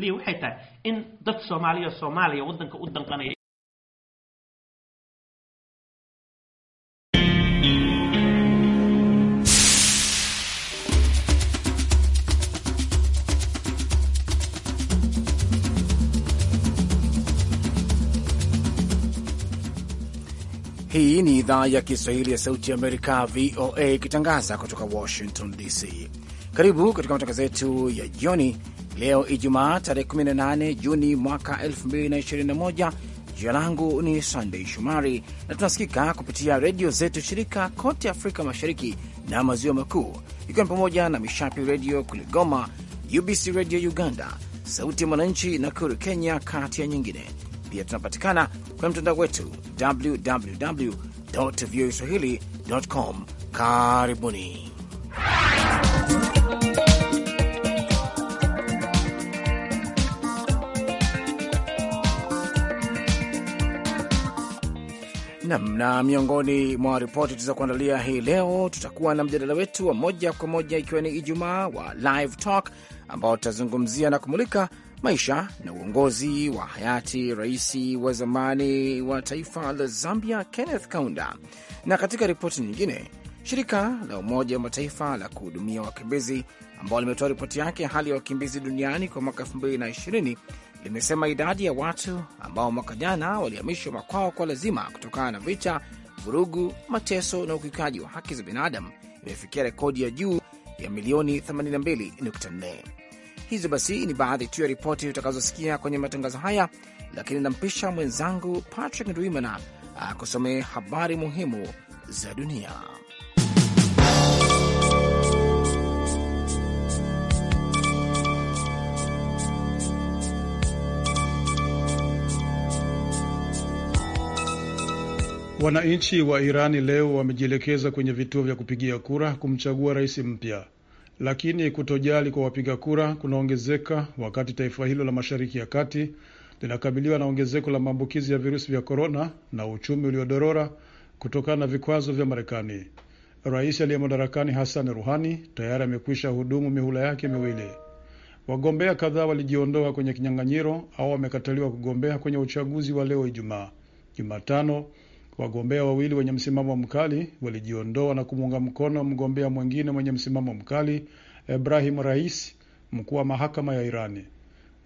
ليه tahay in dad soomaaliya soomaaliya waddanka u danqanaya Hii ni idhaa ya Kiswahili ya Sauti ya Amerika, VOA, ikitangaza kutoka Washington DC. Karibu katika matangazo yetu ya jioni leo Ijumaa tarehe 18 Juni mwaka 2021. Jina langu ni Sandei Shomari na tunasikika kupitia redio zetu shirika kote Afrika Mashariki na Maziwa Makuu, ikiwa ni pamoja na Mishapi Redio kule Goma, UBC Redio Uganda, Sauti ya Mwananchi na Kuru Kenya, kati ya nyingine. Pia tunapatikana kwenye mtandao wetu www swahilicom Karibuni. Nam, na miongoni mwa ripoti tulizokuandalia hii leo, tutakuwa na mjadala wetu wa moja kwa moja, ikiwa ni Ijumaa wa Live Talk, ambao tutazungumzia na kumulika maisha na uongozi wa hayati rais wa zamani wa taifa la Zambia, Kenneth Kaunda. Na katika ripoti nyingine, shirika la Umoja wa Mataifa la kuhudumia wakimbizi ambao limetoa ripoti yake ya hali ya wakimbizi duniani kwa mwaka 2020 limesema idadi ya watu ambao mwaka jana walihamishwa makwao kwa lazima kutokana na vita, vurugu, mateso na ukiukaji wa haki za binadamu imefikia rekodi ya juu ya milioni 82.4. Hizo basi ni baadhi tu ya ripoti utakazosikia kwenye matangazo haya, lakini nampisha mwenzangu Patrick Ndwimana akusomee habari muhimu za dunia. Wananchi wa Irani leo wamejielekeza kwenye vituo vya kupigia kura kumchagua rais mpya, lakini kutojali kwa wapiga kura kunaongezeka wakati taifa hilo la Mashariki ya Kati linakabiliwa na ongezeko la maambukizi ya virusi vya korona na uchumi uliodorora kutokana na vikwazo vya Marekani. Rais aliye madarakani Hassan Ruhani tayari amekwisha hudumu mihula yake miwili. Wagombea kadhaa walijiondoa kwenye kinyang'anyiro au wamekataliwa kugombea kwenye uchaguzi wa leo Ijumaa. Jumatano Wagombea wawili wenye msimamo mkali walijiondoa na kumuunga mkono mgombea mwingine mwenye msimamo mkali Ibrahim Rais, mkuu wa mahakama ya Irani.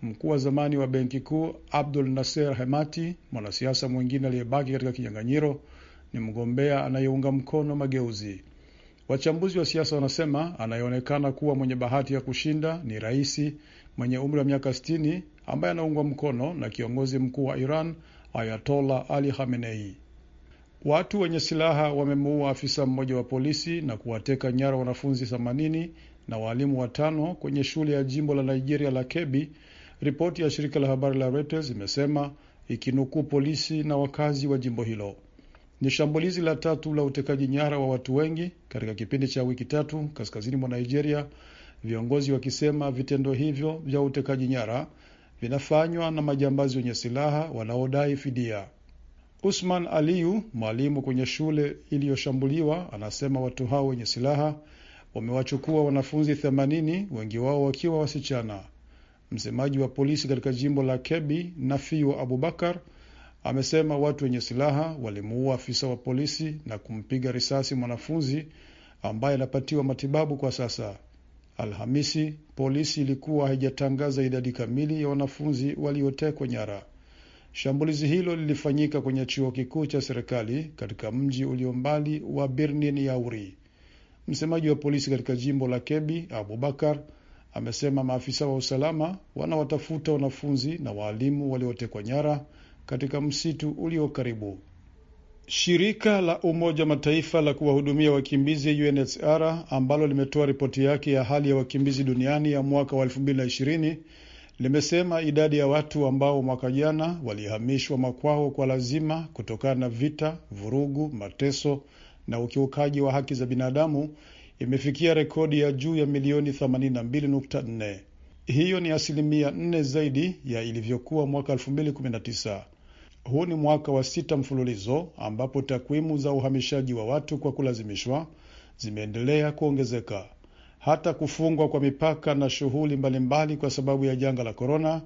Mkuu wa zamani wa benki kuu Abdul Nasser Hemati, mwanasiasa mwingine aliyebaki katika kinyang'anyiro, ni mgombea anayeunga mkono mageuzi. Wachambuzi wa siasa wanasema anayeonekana kuwa mwenye bahati ya kushinda ni raisi mwenye umri wa miaka 60 ambaye anaungwa mkono na kiongozi mkuu wa Iran Ayatollah Ali Khamenei. Watu wenye silaha wamemuua afisa mmoja wa polisi na kuwateka nyara wanafunzi 80 na waalimu watano kwenye shule ya jimbo la Nigeria la Kebbi, ripoti ya shirika la habari la Reuters imesema ikinukuu polisi na wakazi wa jimbo hilo. Ni shambulizi la tatu la utekaji nyara wa watu wengi katika kipindi cha wiki tatu kaskazini mwa Nigeria, viongozi wakisema vitendo hivyo vya utekaji nyara vinafanywa na majambazi wenye silaha wanaodai fidia. Usman Aliu, mwalimu kwenye shule iliyoshambuliwa, anasema watu hao wenye silaha wamewachukua wanafunzi 80 wengi wao wakiwa wasichana. Msemaji wa polisi katika jimbo la kebi Nafiu Abubakar, amesema watu wenye silaha walimuua afisa wa polisi na kumpiga risasi mwanafunzi ambaye anapatiwa matibabu kwa sasa. Alhamisi polisi ilikuwa haijatangaza idadi kamili ya wanafunzi waliotekwa nyara. Shambulizi hilo lilifanyika kwenye chuo kikuu cha serikali katika mji ulio mbali wa Birnin Yauri. Msemaji wa polisi katika jimbo la Kebi, Abubakar, amesema maafisa wa usalama wanawatafuta wanafunzi na waalimu waliotekwa nyara katika msitu ulio karibu. Shirika la Umoja Mataifa la kuwahudumia wakimbizi UNHCR ambalo limetoa ripoti yake ya hali ya wakimbizi duniani ya mwaka wa limesema idadi ya watu ambao mwaka jana walihamishwa makwao kwa lazima kutokana na vita, vurugu, mateso na ukiukaji wa haki za binadamu imefikia rekodi ya juu ya milioni 82.4. Hiyo ni asilimia nne zaidi ya ilivyokuwa mwaka 2019. Huu ni mwaka wa sita mfululizo ambapo takwimu za uhamishaji wa watu kwa kulazimishwa zimeendelea kuongezeka. Hata kufungwa kwa mipaka na shughuli mbalimbali kwa sababu ya janga la korona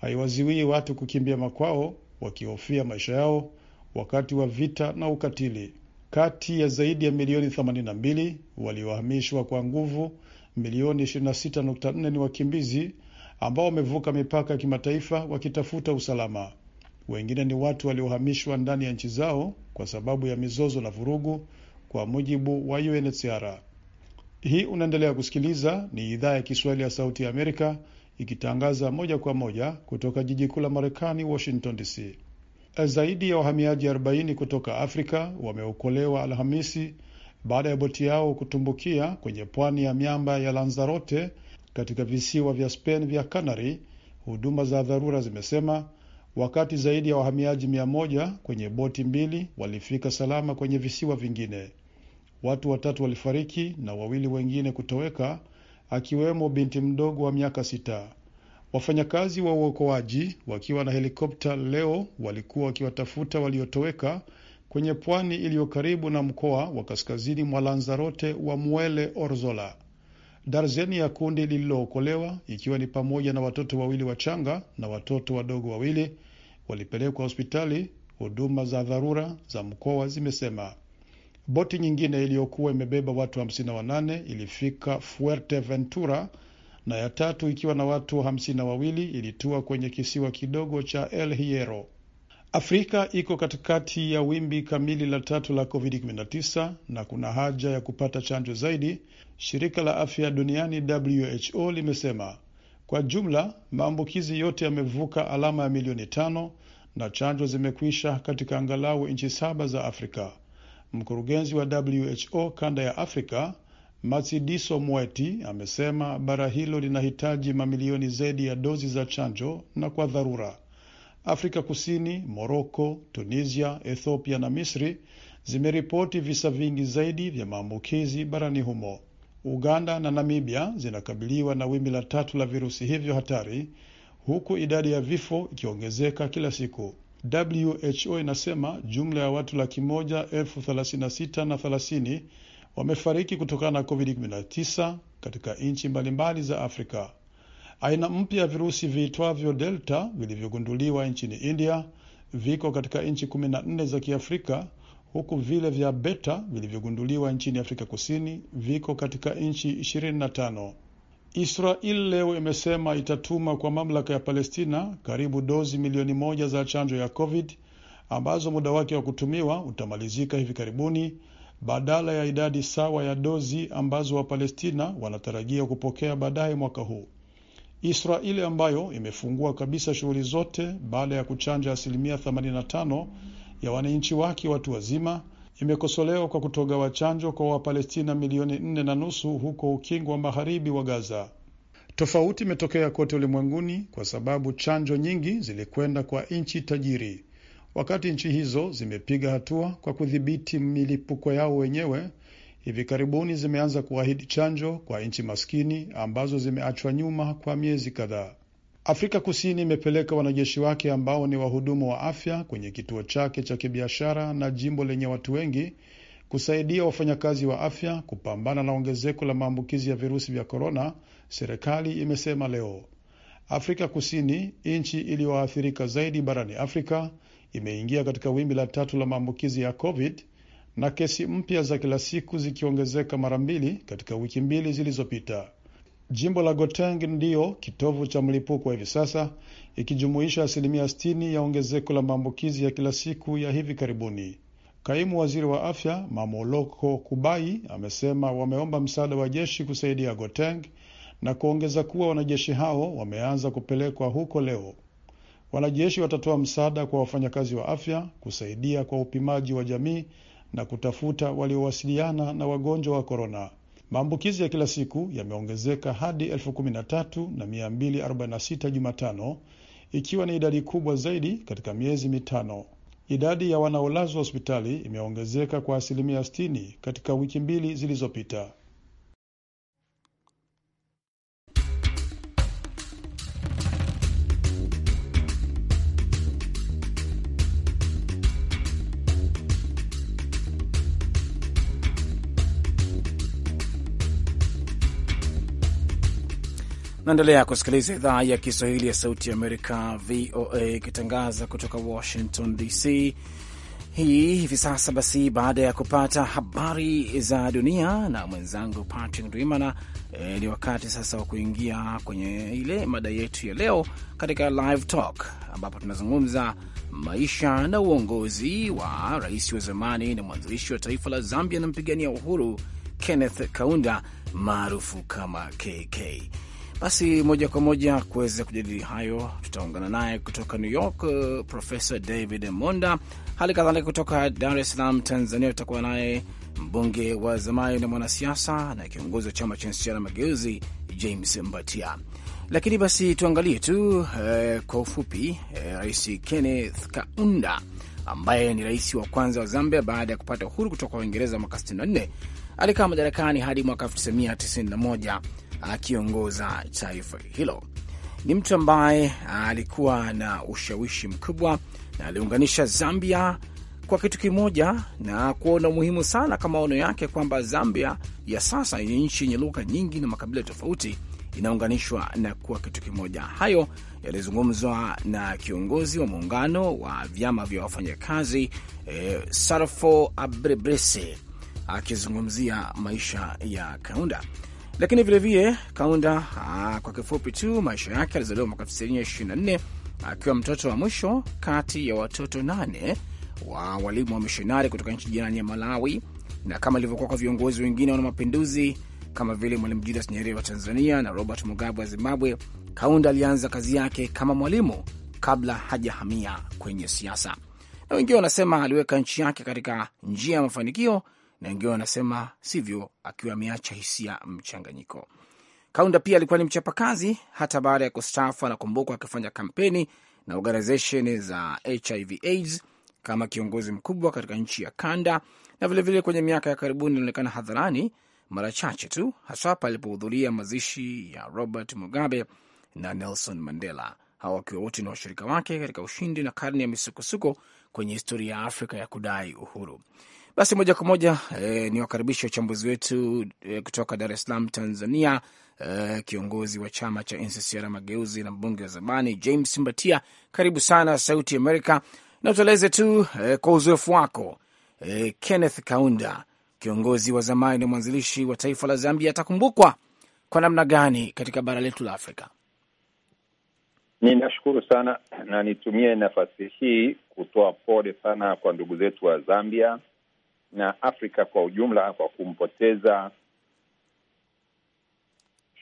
haiwaziwii watu kukimbia makwao wakihofia maisha yao wakati wa vita na ukatili. Kati ya zaidi ya milioni 82 waliohamishwa kwa nguvu, milioni 26.4 ni wakimbizi ambao wamevuka mipaka ya kimataifa wakitafuta usalama. Wengine ni watu waliohamishwa ndani ya nchi zao kwa sababu ya mizozo na vurugu, kwa mujibu wa UNHCR. Hii unaendelea kusikiliza ni idhaa ya Kiswahili ya Sauti ya Amerika ikitangaza moja kwa moja kutoka jiji kuu la Marekani, Washington DC. Zaidi ya wahamiaji 40 kutoka Afrika wameokolewa Alhamisi baada ya boti yao kutumbukia kwenye pwani ya miamba ya Lanzarote katika visiwa vya Spain vya Canary, huduma za dharura zimesema, wakati zaidi ya wahamiaji 1 kwenye boti mbili walifika salama kwenye visiwa vingine. Watu watatu walifariki na wawili wengine kutoweka, akiwemo binti mdogo wa miaka sita. Wafanyakazi wa uokoaji wakiwa na helikopta leo walikuwa wakiwatafuta waliotoweka kwenye pwani iliyo karibu na mkoa wa kaskazini mwa Lanzarote wa Muele Orzola. Darzeni ya kundi lililookolewa ikiwa ni pamoja na watoto wawili wachanga na watoto wadogo wawili walipelekwa hospitali, huduma za dharura za mkoa zimesema. Boti nyingine iliyokuwa imebeba watu 58 ilifika fuerte ventura na ya tatu ikiwa na watu 52 ilitua kwenye kisiwa kidogo cha El Hierro. Afrika iko katikati ya wimbi kamili la tatu la COVID-19 na kuna haja ya kupata chanjo zaidi, shirika la afya duniani WHO limesema. Kwa jumla maambukizi yote yamevuka alama ya milioni tano na chanjo zimekwisha katika angalau nchi saba za Afrika. Mkurugenzi wa WHO kanda ya Afrika Matsidiso Moeti amesema bara hilo linahitaji mamilioni zaidi ya dozi za chanjo na kwa dharura. Afrika Kusini, Moroko, Tunisia, Ethiopia na Misri zimeripoti visa vingi zaidi vya maambukizi barani humo. Uganda na Namibia zinakabiliwa na wimbi la tatu la virusi hivyo hatari, huku idadi ya vifo ikiongezeka kila siku. WHO inasema jumla ya watu laki moja elfu thelathini na sita na thelathini wamefariki kutokana na COVID-19 katika nchi mbalimbali za Afrika. Aina mpya ya virusi viitwavyo Delta vilivyogunduliwa nchini India viko katika nchi 14 za Kiafrika, huku vile vya Beta vilivyogunduliwa nchini Afrika Kusini viko katika nchi 25. Israel leo imesema itatuma kwa mamlaka ya Palestina karibu dozi milioni moja za chanjo ya COVID ambazo muda wake wa kutumiwa utamalizika hivi karibuni badala ya idadi sawa ya dozi ambazo Wapalestina wanatarajia kupokea baadaye mwaka huu. Israeli ambayo imefungua kabisa shughuli zote baada ya kuchanja asilimia 85 ya wananchi wake watu wazima imekosolewa kwa kutogawa chanjo kwa Wapalestina milioni nne na nusu huko ukingo wa magharibi wa Gaza. Tofauti imetokea kote ulimwenguni kwa sababu chanjo nyingi zilikwenda kwa nchi tajiri, wakati nchi hizo zimepiga hatua kwa kudhibiti milipuko yao wenyewe. Hivi karibuni zimeanza kuahidi chanjo kwa nchi maskini ambazo zimeachwa nyuma kwa miezi kadhaa. Afrika Kusini imepeleka wanajeshi wake ambao ni wahudumu wa afya kwenye kituo chake cha kibiashara na jimbo lenye watu wengi kusaidia wafanyakazi wa afya kupambana na ongezeko la maambukizi ya virusi vya korona, serikali imesema leo. Afrika Kusini, nchi iliyoathirika zaidi barani Afrika, imeingia katika wimbi la tatu la maambukizi ya COVID na kesi mpya za kila siku zikiongezeka mara mbili katika wiki mbili zilizopita. Jimbo la Goteng ndiyo kitovu cha mlipuko hivi sasa, ikijumuisha asilimia 60 ya ongezeko la maambukizi ya kila siku ya hivi karibuni. Kaimu waziri wa afya Mamoloko Kubai amesema wameomba msaada wa jeshi kusaidia Goteng na kuongeza kuwa wanajeshi hao wameanza kupelekwa huko leo. Wanajeshi watatoa msaada kwa wafanyakazi wa afya, kusaidia kwa upimaji wa jamii na kutafuta waliowasiliana na wagonjwa wa korona. Maambukizi ya kila siku yameongezeka hadi elfu na Jumatano, ikiwa ni idadi kubwa zaidi katika miezi mitano. Idadi ya wanaolazwa hospitali imeongezeka kwa asilimia 60 katika wiki mbili zilizopita. Naendelea kusikiliza idhaa ya Kiswahili ya Sauti ya Amerika, VOA, ikitangaza kutoka Washington DC hii hivi sasa. Basi baada ya kupata habari za dunia na mwenzangu Patrick Ndwimana, e, ni wakati sasa wa kuingia kwenye ile mada yetu ya leo katika Live Talk, ambapo tunazungumza maisha na uongozi wa rais wa zamani na mwanzilishi wa taifa la Zambia na mpigania uhuru Kenneth Kaunda maarufu kama KK. Basi moja kwa moja kuweza kujadili hayo, tutaungana naye kutoka New York uh, Profesa David Monda, hali kadhalika kutoka Dar es Salaam Tanzania tutakuwa naye mbunge wa zamani na mwanasiasa na kiongozi wa chama cha Nsichana Mageuzi James Mbatia. Lakini basi tuangalie tu uh, kwa ufupi uh, Rais Kenneth Kaunda ambaye ni rais wa kwanza wa Zambia baada ya kupata uhuru kutoka Uingereza mwaka 64 alikaa madarakani hadi mwaka 1991 akiongoza taifa hilo. Ni mtu ambaye alikuwa na ushawishi mkubwa na aliunganisha Zambia kwa kitu kimoja na kuona umuhimu sana kwa maono yake kwamba Zambia ya sasa ni nchi yenye lugha nyingi na makabila tofauti inaunganishwa na kuwa kitu kimoja. Hayo yalizungumzwa na kiongozi wa muungano wa vyama vya wafanyakazi eh, Sarfo Abrebrese akizungumzia maisha ya Kaunda. Lakini vilevile Kaunda aa, ah, kwa kifupi tu maisha yake, alizaliwa mwaka 1924 akiwa mtoto wa mwisho kati ya watoto nane wa walimu wa mishonari kutoka nchi jirani ya Malawi, na kama ilivyokuwa kwa viongozi wengine wana mapinduzi kama vile Mwalimu Julius Nyerere wa Tanzania na Robert Mugabe wa Zimbabwe, Kaunda alianza kazi yake kama mwalimu kabla hajahamia kwenye siasa. Na wengine wanasema aliweka nchi yake katika njia ya mafanikio na wengine wanasema sivyo, akiwa ameacha hisia mchanganyiko. Kaunda pia alikuwa ni mchapakazi. Hata baada ya kustaafu, anakumbukwa akifanya kampeni na organization za HIV AIDS kama kiongozi mkubwa katika nchi ya kanda, na vilevile vile kwenye miaka ya karibuni inaonekana hadharani mara chache tu, hasa palipohudhuria mazishi ya Robert Mugabe na Nelson Mandela, hawa wakiwa wote na washirika wake katika ushindi na karne ya misukosuko kwenye historia ya Afrika ya kudai uhuru. Basi moja kwa moja e, ni wakaribisha wachambuzi wetu e, kutoka Dar es Salaam, Tanzania. E, kiongozi wa chama cha NCCR Mageuzi na mbunge wa zamani James Mbatia, karibu sana Sauti Amerika na tueleze tu e, kwa uzoefu wako e, Kenneth Kaunda, kiongozi wa zamani na mwanzilishi wa taifa la Zambia, atakumbukwa kwa namna gani katika bara letu la Afrika? Ninashukuru sana na nitumie nafasi hii kutoa pole sana kwa ndugu zetu wa Zambia na Afrika kwa ujumla kwa kumpoteza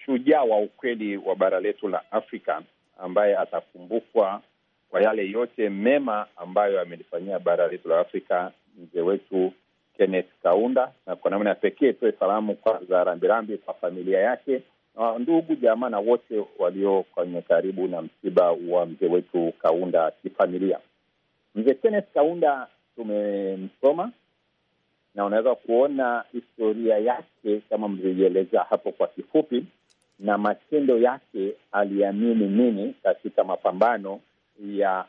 shujaa wa ukweli wa bara letu la Afrika ambaye atakumbukwa kwa yale yote mema ambayo amelifanyia bara letu la Afrika mzee wetu Kenneth Kaunda, na kwa namna ya pekee toe salamu kwa za rambirambi kwa familia yake na ndugu jamaa na wote walio kwenye karibu na msiba wa mzee wetu Kaunda kifamilia. Mzee Kenneth Kaunda tumemsoma na unaweza kuona historia yake kama mlivyoielezea hapo kwa kifupi, na matendo yake, aliamini nini katika mapambano ya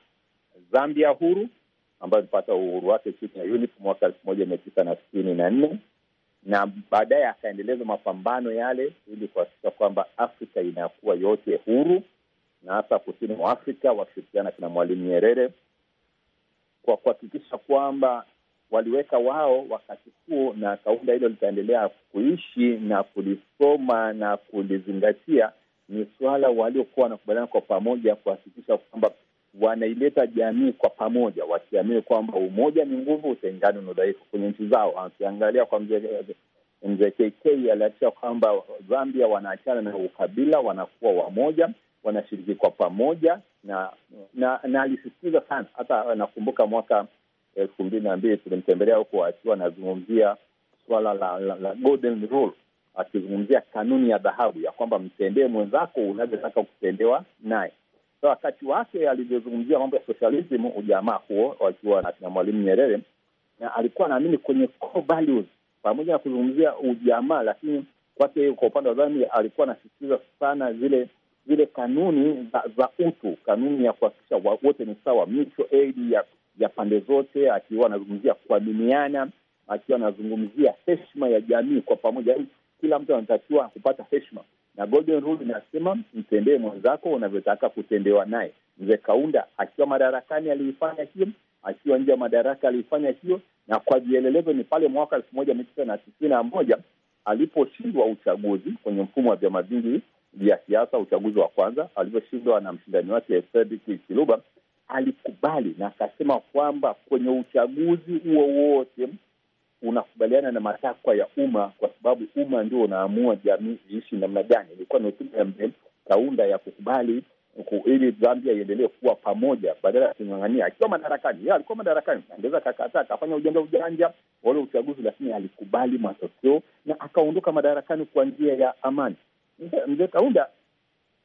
Zambia huru ambayo ilipata uhuru wake chini ya UNIP mwaka elfu moja mia tisa na sitini na nne na baadaye akaendeleza mapambano yale ili kuhakikisha kwamba Afrika inakuwa yote huru na hasa kusini mwa Afrika wakishirikiana kina Mwalimu Nyerere kwa kuhakikisha kwamba waliweka wao wakati huo, na kaunda hilo litaendelea kuishi na kulisoma na kulizingatia. Ni suala waliokuwa wanakubaliana kwa pamoja kuhakikisha kwamba wanaileta jamii kwa pamoja, wakiamini kwamba umoja ni nguvu, utengano ni udhaifu kwenye nchi zao. Akiangalia kwa mzee mzee KK aliachia kwamba Zambia wanaachana na ukabila, wanakuwa wamoja, wanashiriki kwa pamoja na na, na alisisitiza sana hata nakumbuka mwaka elfu mbili na mbili tulimtembelea huko akiwa anazungumzia swala la, la, la golden rule, akizungumzia kanuni ya dhahabu ya kwamba mtendee mwenzako unavyotaka kutendewa naye. So, wakati wake alivyozungumzia mambo ya socialism, ujamaa huo wakiwa na, na Mwalimu Nyerere, na alikuwa anaamini kwenye core values pamoja na kuzungumzia ujamaa, lakini kwake kwa upande wa dhani alikuwa anasisitiza sana zile zile kanuni za, za utu, kanuni ya kuhakikisha wote ni sawa, mutual aid ya ya pande zote, akiwa anazungumzia kuaminiana, akiwa anazungumzia heshima ya jamii kwa pamoja. Kila mtu anatakiwa kupata heshima, na golden rule inasema mtendee mwenzako unavyotaka kutendewa naye. Mzee Kaunda akiwa madarakani aliifanya hiyo, akiwa nje ya madaraka aliifanya hiyo, na kwa vielelezo ni pale mwaka elfu moja mia tisa na tisini na moja aliposhindwa uchaguzi kwenye mfumo wa vyama vingi vya siasa, uchaguzi wa kwanza alivyoshindwa na mshindani wake Fredrick Chiluba alikubali na akasema kwamba kwenye uchaguzi huo wote unakubaliana na matakwa ya umma, kwa sababu umma ndio unaamua jamii iishi namna gani. Ilikuwa ni hotuba ya Mzee Kaunda ya kukubali ili Zambia iendelee kuwa pamoja badala ya kung'ang'ania akiwa madarakani. Yeye alikuwa madarakani, angeweza akakataa akafanya ujanja ujanja wale uchaguzi, lakini alikubali matokeo na akaondoka madarakani kwa njia ya amani. Mzee Kaunda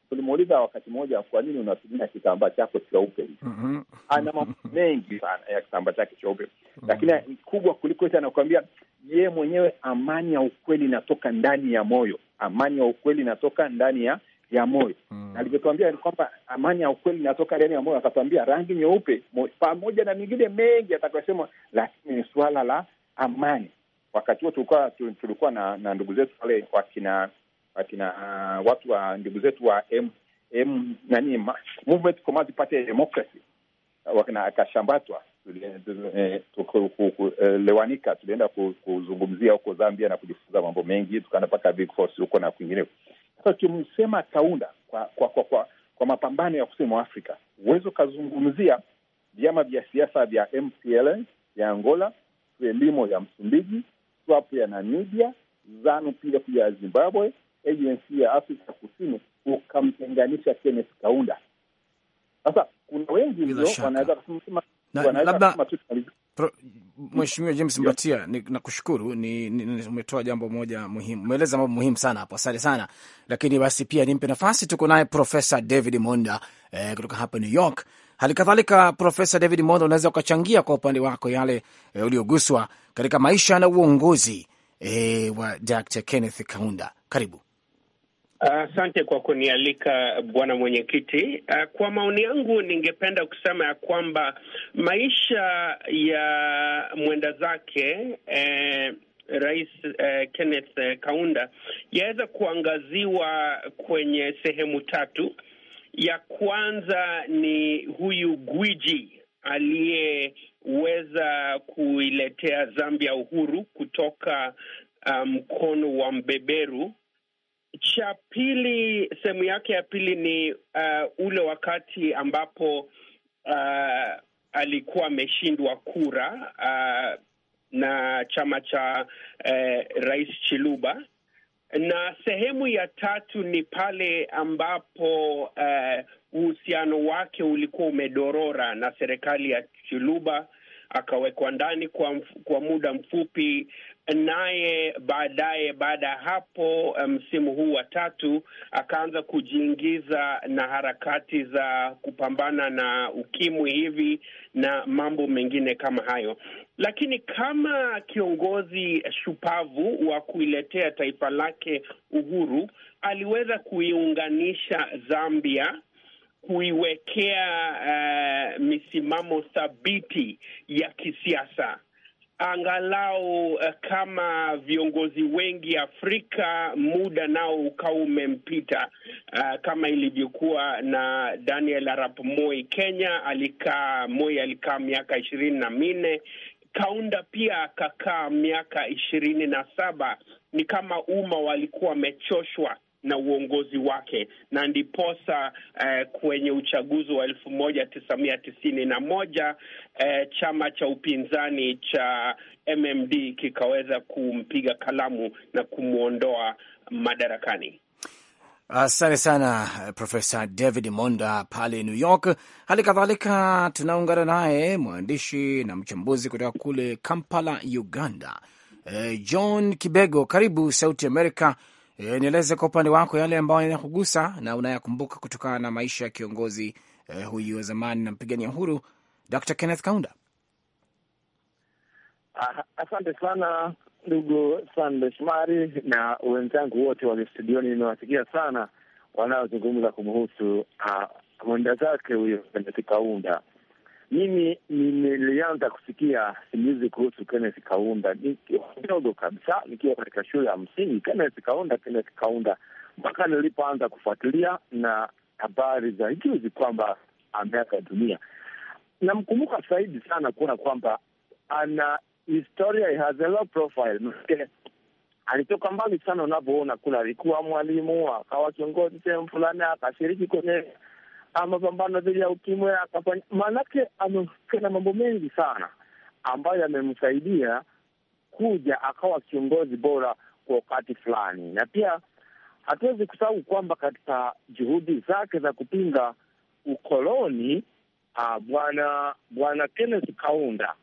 tulimuuliza wakati mmoja, kwa nini unatumia kitambaa chako cheupe mm -hmm. Ana mambo mm-hmm. mengi sana ya kitambaa chake cheupe mm -hmm. Lakini kubwa kuliko yote anakuambia ye mwenyewe, amani ya ukweli inatoka ndani ya moyo. Amani ya ukweli inatoka ndani ya ya moyo mm. Mm-hmm. alivyotuambia ni kwamba amani ya ukweli inatoka ndani ya moyo. Akatuambia rangi nyeupe pamoja na mingine mengi atakayosema, lakini ni suala la amani. Wakati huo tulikuwa tulikuwa na, na ndugu zetu wale wakina akina uh, ah, watu wa ndugu zetu wa M, M, nani movement for mass party democracy wakina akashambatwa eh, kuelewanika eh, tulienda kuzungumzia huko Zambia na kujifunza mambo mengi, tukaenda mpaka Big Force huko na kwingineko. Sasa ukimsema Kaunda kwa kwa, kwa, kwa, kwa mapambano ya kusini mwa Afrika, huwezi ukazungumzia vyama vya siasa vya MPLA ya Angola, Frelimo ya Msumbiji, SWAPO ya Namibia, ZANU pia kuja Zimbabwe agency ya Afrika Kusini ukamtenganisha Kenneth Kaunda. Sasa kuna wengi ndio wanaweza kusema labda Mheshimiwa James Mbatia, nakushukuru, ni, ni, ni umetoa jambo moja muhimu, umeeleza mambo muhimu sana hapo, asante sana. Lakini basi pia nimpe nafasi, tuko naye Profesa David Monda eh, kutoka hapa New York. Hali kadhalika Profesa David Monda, unaweza ukachangia kwa upande wako yale eh, ulioguswa katika maisha na uongozi eh, wa Dr. Kenneth Kaunda. Karibu. Asante uh, kwa kunialika bwana mwenyekiti. Uh, kwa maoni yangu ningependa kusema ya kwamba maisha ya mwenda zake eh, Rais eh, Kenneth eh, Kaunda yaweza kuangaziwa kwenye sehemu tatu. Ya kwanza ni huyu gwiji aliyeweza kuiletea Zambia uhuru kutoka ah, mkono um, wa mbeberu cha pili, sehemu yake ya pili ni uh, ule wakati ambapo uh, alikuwa ameshindwa kura uh, na chama cha uh, Rais Chiluba, na sehemu ya tatu ni pale ambapo uh, uhusiano wake ulikuwa umedorora na serikali ya Chiluba akawekwa ndani kwa, mf kwa muda mfupi naye baadaye, baada ya hapo eh, msimu um, huu wa tatu akaanza kujiingiza na harakati za kupambana na ukimwi hivi na mambo mengine kama hayo, lakini kama kiongozi shupavu wa kuiletea taifa lake uhuru aliweza kuiunganisha Zambia kuiwekea uh, misimamo thabiti ya kisiasa angalau eh, kama viongozi wengi Afrika muda nao ukawa umempita, uh, kama ilivyokuwa na Daniel Arap Moi Kenya. Alikaa Moi alikaa miaka ishirini na minne Kaunda pia akakaa miaka ishirini na saba. Ni kama umma walikuwa wamechoshwa na uongozi wake, na ndiposa eh, kwenye uchaguzi wa elfu moja tisa mia tisini na moja eh, chama cha upinzani cha MMD kikaweza kumpiga kalamu na kumwondoa madarakani. Asante sana eh, Profesa David Monda pale New York. Hali kadhalika tunaungana naye mwandishi na mchambuzi kutoka kule Kampala, Uganda, eh, John Kibego. Karibu Sauti Amerika. E, nieleze kwa upande wako yale ambayo yanakugusa na unayakumbuka kutokana na maisha ya kiongozi eh, huyu wa zamani na mpigania uhuru Dr. Kenneth Kaunda. Ah, asante sana ndugu Sande shumari na wenzangu wote walio studioni, nimewasikia sana wanaozungumza kumhusu ah, mwenda zake huyo Kenneth Kaunda. Mimi nilianza kusikia simulizi kuhusu Kenneth Kaunda nikiwa kabisa, nikiwa katika shule ya msingi. Kenneth Kaunda, Kenneth Kaunda, mpaka nilipoanza kufuatilia na habari za juzi kwamba ameaga dunia. Namkumbuka zaidi sana kuona kwamba ana historia, has a low profile alitoka mbali sana. Unavyoona kuna alikuwa mwalimu akawa kiongozi sehemu fulani, akashiriki kwenye mapambano dhidi ya ukimwi akafanya, maanake amehusika na mambo mengi sana ambayo yamemsaidia kuja akawa kiongozi bora kwa wakati fulani. Na pia hatuwezi kusahau kwamba katika juhudi zake za kupinga ukoloni uh, bwana bwana Kenneth Kaunda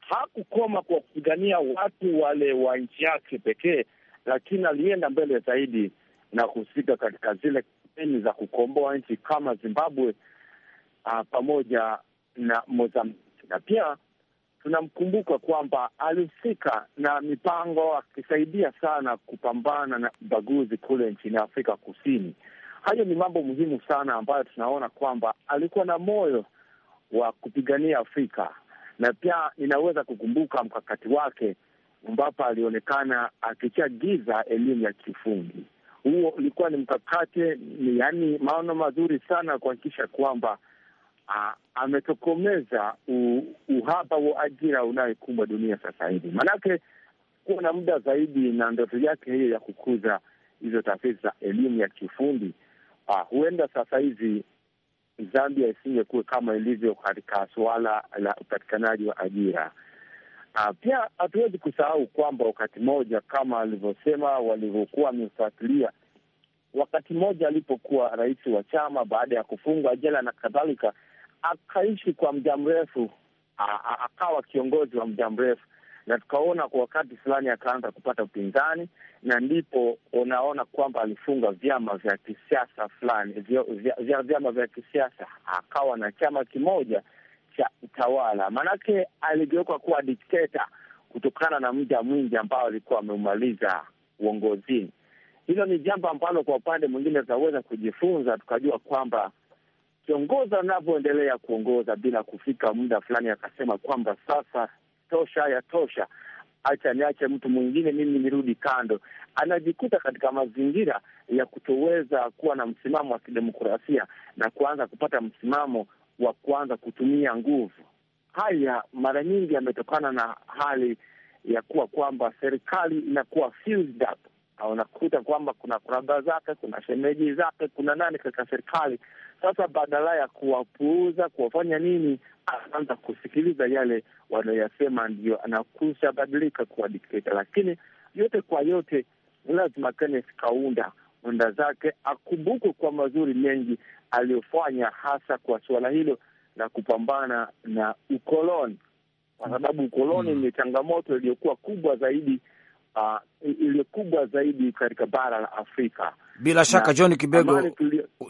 hakukoma kwa kupigania watu wale wa nchi yake pekee, lakini alienda mbele zaidi na kuhusika katika zile kampeni za kukomboa nchi kama Zimbabwe uh, pamoja na Mozambiki, na pia tunamkumbuka kwamba alihusika na mipango akisaidia sana kupambana na ubaguzi kule nchini Afrika Kusini. Hayo ni mambo muhimu sana ambayo tunaona kwamba alikuwa na moyo wa kupigania Afrika, na pia ninaweza kukumbuka mkakati wake ambapo alionekana akichagiza elimu ya kiufundi huo ulikuwa ni mkakati, yaani maono mazuri sana kuhakikisha kwamba ametokomeza uhaba wa ajira unayokumbwa dunia sasa hivi, maanake kuwa na muda zaidi na ndoto yake hiyo ya kukuza hizo taasisi za elimu ya kiufundi. huenda sasa hivi Zambia isingekuwe kama ilivyo katika suala la upatikanaji wa ajira. Uh, pia hatuwezi kusahau kwamba wakati mmoja kama alivyosema walivyokuwa wamefuatilia, wakati mmoja alipokuwa rais wa chama baada ya kufungwa jela na kadhalika, akaishi kwa muda mrefu, akawa kiongozi wa muda mrefu, na tukaona kwa wakati fulani akaanza kupata upinzani, na ndipo unaona kwamba alifunga vyama vya kisiasa fulani, vyama vya kisiasa, akawa na chama kimoja cha utawala, maanake aligeuka kuwa dikteta kutokana na muda mwingi ambao alikuwa ameumaliza uongozini. Hilo ni jambo ambalo kwa upande mwingine tunaweza kujifunza tukajua kwamba kiongozi anavyoendelea kuongoza bila kufika muda fulani akasema kwamba sasa tosha ya tosha, acha niache mtu mwingine, mimi nirudi kando, anajikuta katika mazingira ya kutoweza kuwa na msimamo wa kidemokrasia na kuanza kupata msimamo wa kuanza kutumia nguvu. Haya mara nyingi yametokana na hali ya kuwa kwamba serikali inakuwa fused up, au unakuta kwamba kuna kuraba zake, kuna shemeji zake, kuna nani katika serikali. Sasa badala ya kuwapuuza, kuwafanya nini, anaanza kusikiliza yale wanayoyasema, ndio anakusha badilika kuwa dikteta. Lakini yote kwa yote, lazima Kenneth Kaunda unda zake akumbukwe kwa mazuri mengi aliyofanya hasa kwa suala hilo la kupambana na ukoloni, kwa mm. sababu ukoloni mm. ni changamoto iliyokuwa kubwa zaidi uh, iliyo kubwa zaidi katika bara la Afrika. Bila shaka John Kibego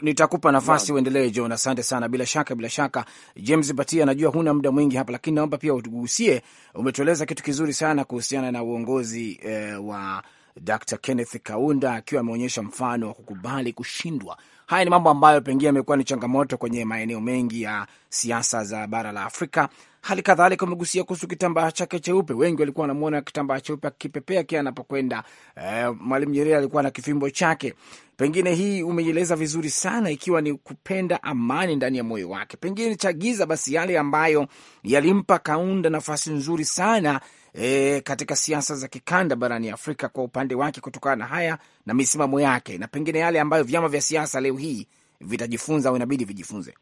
nitakupa nafasi uendelee na. John, asante sana. Bila shaka bila shaka, James Batia, najua huna muda mwingi hapa, lakini naomba pia utugusie. Umetueleza kitu kizuri sana kuhusiana na uongozi eh, wa Dr. Kenneth Kaunda akiwa ameonyesha mfano wa kukubali kushindwa Haya ni mambo ambayo pengine yamekuwa ni changamoto kwenye maeneo mengi ya siasa za bara la Afrika. Hali kadhalika umegusia kuhusu kitambaa chake cheupe. Wengi walikuwa wanamwona kitambaa cheupe akipepea kila anapokwenda. E, Mwalimu Nyerere alikuwa na kifimbo chake. Pengine hii umeieleza vizuri sana, ikiwa ni kupenda amani ndani ya moyo wake. Pengine chagiza basi yale ambayo yalimpa Kaunda nafasi nzuri sana e, katika siasa za kikanda barani Afrika kwa upande wake kutokana na haya na misimamo yake, na pengine yale ambayo vyama vya siasa leo hii vitajifunza au inabidi vijifunze?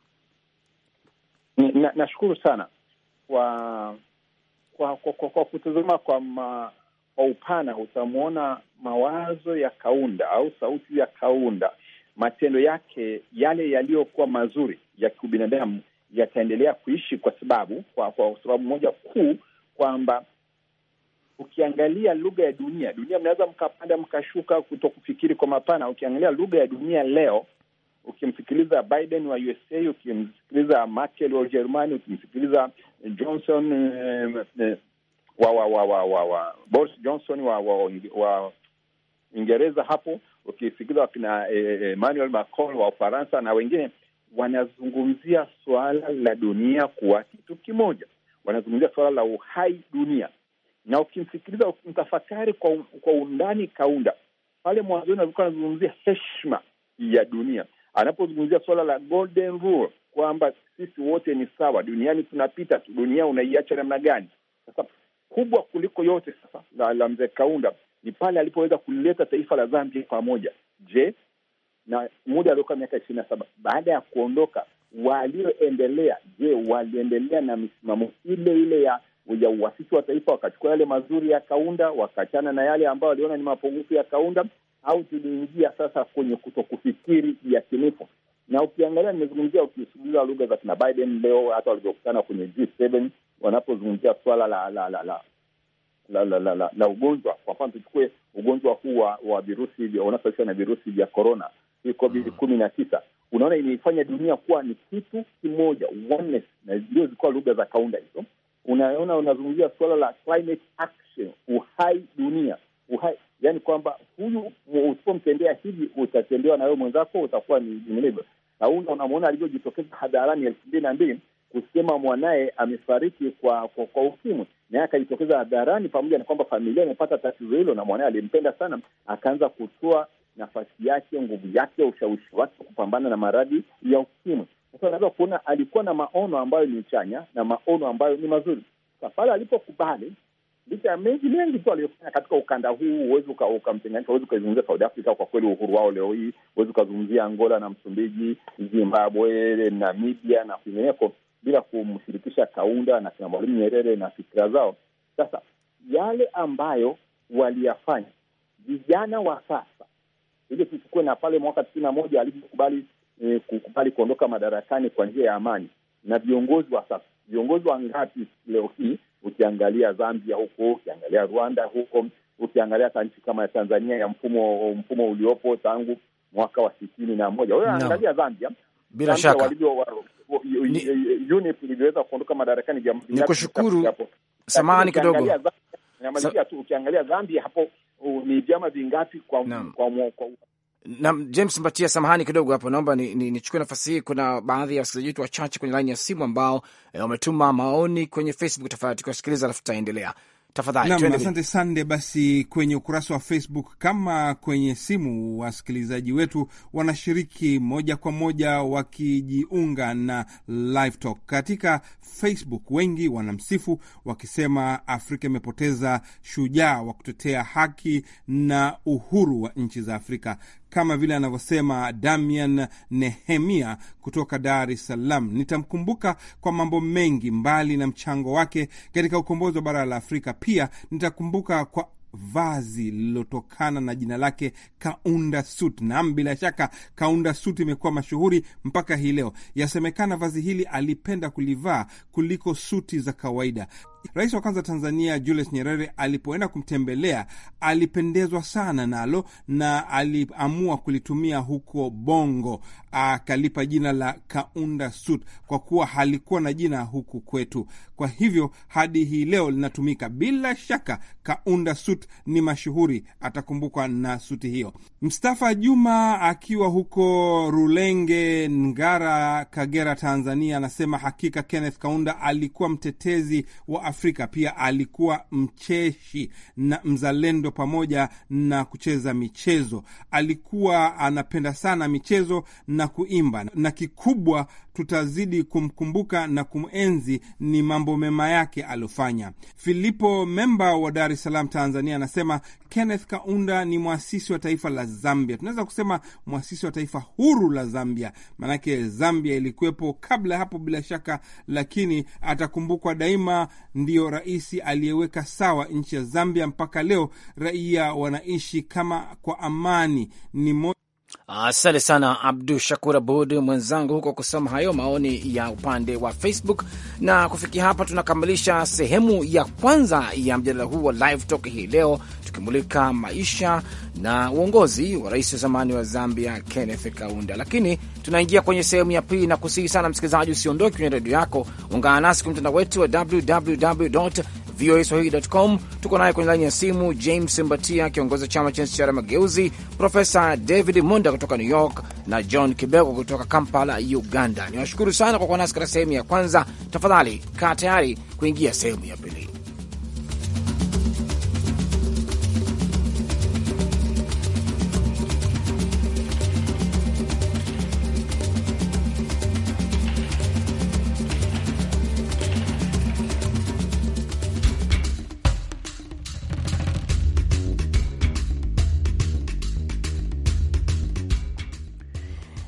Nashukuru na sana kwa kwa, kwa, kwa, kwa kutazama kwa, ma, kwa upana utamwona mawazo ya Kaunda au sauti ya Kaunda, matendo yake yale yaliyokuwa mazuri ya kiubinadamu yataendelea kuishi, kwa sababu kwa, kwa sababu moja kuu kwamba ukiangalia lugha ya dunia, dunia mnaweza mkapanda mkashuka, kuto kufikiri kwa mapana. Ukiangalia lugha ya dunia leo, ukimsikiliza Biden wa USA, ukimsikiliza Merkel wa Ujerumani, ukimsikiliza Johnson eh, wa, wa, wa, wa, wa, wa Boris Johnson wa, wa, wa Uingereza hapo, ukisikiliza wakina eh, Emmanuel Macron wa Ufaransa na wengine wanazungumzia suala la dunia kuwa kitu kimoja, wanazungumzia suala la uhai dunia na ukimsikiliza, mtafakari kwa, kwa undani Kaunda pale mwanzoni alikuwa anazungumzia heshima ya dunia, anapozungumzia suala la golden rule kwamba sisi wote ni sawa duniani, tunapita tu, dunia unaiacha namna gani? Sasa kubwa kuliko yote sasa la, la mzee Kaunda ni pale alipoweza kulileta taifa la Zambia pamoja. Je, na muda aliokuwa miaka ishirini na saba baada ya kuondoka walioendelea, je, waliendelea na misimamo ile ile ya ya uasisi wa taifa, wakachukua yale mazuri ya kaunda wakachana na yale ambayo waliona ni mapungufu ya kaunda au tuliingia sasa kwenye kutokufikiri yakinifu? Na ukiangalia, nimezungumzia ukisikiliza lugha za kina Biden leo, hata walivyokutana kwenye G7 wanapozungumzia swala la la la la la la la la la ugonjwa. Kwa mfano, tuchukue ugonjwa huu wa virusi unaosababishwa na virusi vya korona hii covid kumi na tisa unaona imeifanya dunia kuwa ni kitu kimoja, oneness, na ndio zilikuwa lugha za kaunda hizo unaona, unazungumzia suala la climate action, uhai dunia, uhai yani kwamba huyu usipomtendea hivi utatendewa na wewe mwenzako, utakuwa ni Na huyu unamwona alivyojitokeza hadharani elfu mbili na mbili kusema mwanaye amefariki kwa kwa, kwa ukimwi, naye akajitokeza hadharani, pamoja na kwamba familia imepata tatizo hilo na mwanaye alimpenda sana, akaanza kutoa nafasi yake, nguvu yake, ushawishi wake kupambana na maradhi ya ukimwi. Sasa unaweza kuona alikuwa na maono ambayo ni chanya na maono ambayo ni mazuri. Sasa pale alipokubali, licha ya mengi mengi tu aliyofanya katika ukanda huu, huwezi ukamtenganisha, huwezi ukaizungumzia Saudi Afrika kwa kweli uhuru wao leo hii, huwezi ukazungumzia Angola na Msumbiji, Zimbabwe, Namibia na kwingineko bila kumshirikisha Kaunda na kina Mwalimu Nyerere na fikira zao. Sasa yale ambayo waliyafanya vijana wa sasa, ili tuchukue na pale mwaka tisini na moja alipokubali e, kukubali kuondoka madarakani kwa njia ya amani. Na viongozi wa sasa, viongozi wangapi leo hii, ukiangalia Zambia huko, ukiangalia Rwanda huko, ukiangalia hata nchi kama ya Tanzania ya mfumo mfumo uliopo tangu mwaka wa sitini na moja wewe angalia no. Zambia bila Zambia UNIP ilivyoweza kuondoka madarakani. kushukuru. samahani kidogo, namalizia tu, ukiangalia Zambia hapo ni vyama vingapi kwa, no. kwa, kwa, kwa na James Mbatia, samahani kidogo hapo, naomba nichukue ni, ni nafasi hii. Kuna baadhi ya wasikilizaji wetu wachache kwenye laini ya simu ambao eh, wametuma maoni kwenye Facebook. Tafadhali tukiwasikiliza, alafu tutaendelea. asante sande. Basi kwenye ukurasa wa Facebook kama kwenye simu, wasikilizaji wetu wanashiriki moja kwa moja wakijiunga na live talk katika Facebook. Wengi wanamsifu wakisema Afrika imepoteza shujaa wa kutetea haki na uhuru wa nchi za Afrika kama vile anavyosema Damian Nehemia kutoka Dar es Salaam. Nitamkumbuka kwa mambo mengi, mbali na mchango wake katika ukombozi wa bara la Afrika, pia nitakumbuka kwa vazi lililotokana na jina lake Kaunda Sut. Naam, bila shaka Kaunda Sut imekuwa mashuhuri mpaka hii leo. Yasemekana vazi hili alipenda kulivaa kuliko suti za kawaida. Rais wa kwanza Tanzania Julius Nyerere alipoenda kumtembelea alipendezwa sana nalo na aliamua kulitumia huko Bongo, akalipa jina la Kaunda sut kwa kuwa halikuwa na jina huku kwetu. Kwa hivyo hadi hii leo linatumika. Bila shaka Kaunda sut ni mashuhuri, atakumbukwa na suti hiyo. Mstafa Juma akiwa huko Rulenge, Ngara, Kagera, Tanzania, anasema hakika Kenneth Kaunda alikuwa mtetezi wa Afrika. Pia alikuwa mcheshi na mzalendo, pamoja na kucheza michezo. Alikuwa anapenda sana michezo na kuimba, na kikubwa tutazidi kumkumbuka na kumenzi ni mambo mema yake aliyofanya. Filipo Memba wa Dar es Salaam, Tanzania, anasema Kenneth Kaunda ni mwasisi wa taifa la Zambia. Tunaweza kusema mwasisi wa taifa huru la Zambia, maanake Zambia ilikuwepo kabla hapo bila shaka, lakini atakumbukwa daima ndiyo rais aliyeweka sawa nchi ya Zambia. Mpaka leo raia wanaishi kama kwa amani. Ni mo Asante sana Abdu Shakur Abud mwenzangu huko kusoma hayo maoni ya upande wa Facebook. Na kufikia hapa, tunakamilisha sehemu ya kwanza ya mjadala huu wa Live Talk hii leo, tukimulika maisha na uongozi wa rais wa zamani wa Zambia Kenneth Kaunda. Lakini tunaingia kwenye sehemu ya pili, na kusihi sana msikilizaji usiondoke kwenye redio yako, ungana nasi kwenye mtandao wetu wa www voa swahili.com. Tuko naye kwenye laini ya simu James Mbatia, kiongozi wa chama cha NCCR Mageuzi, Profesa David Munda kutoka New York na John Kibego kutoka Kampala, Uganda. Niwashukuru sana kwa kuwa nasi katika sehemu ya kwanza. Tafadhali kaa tayari kuingia sehemu ya pili.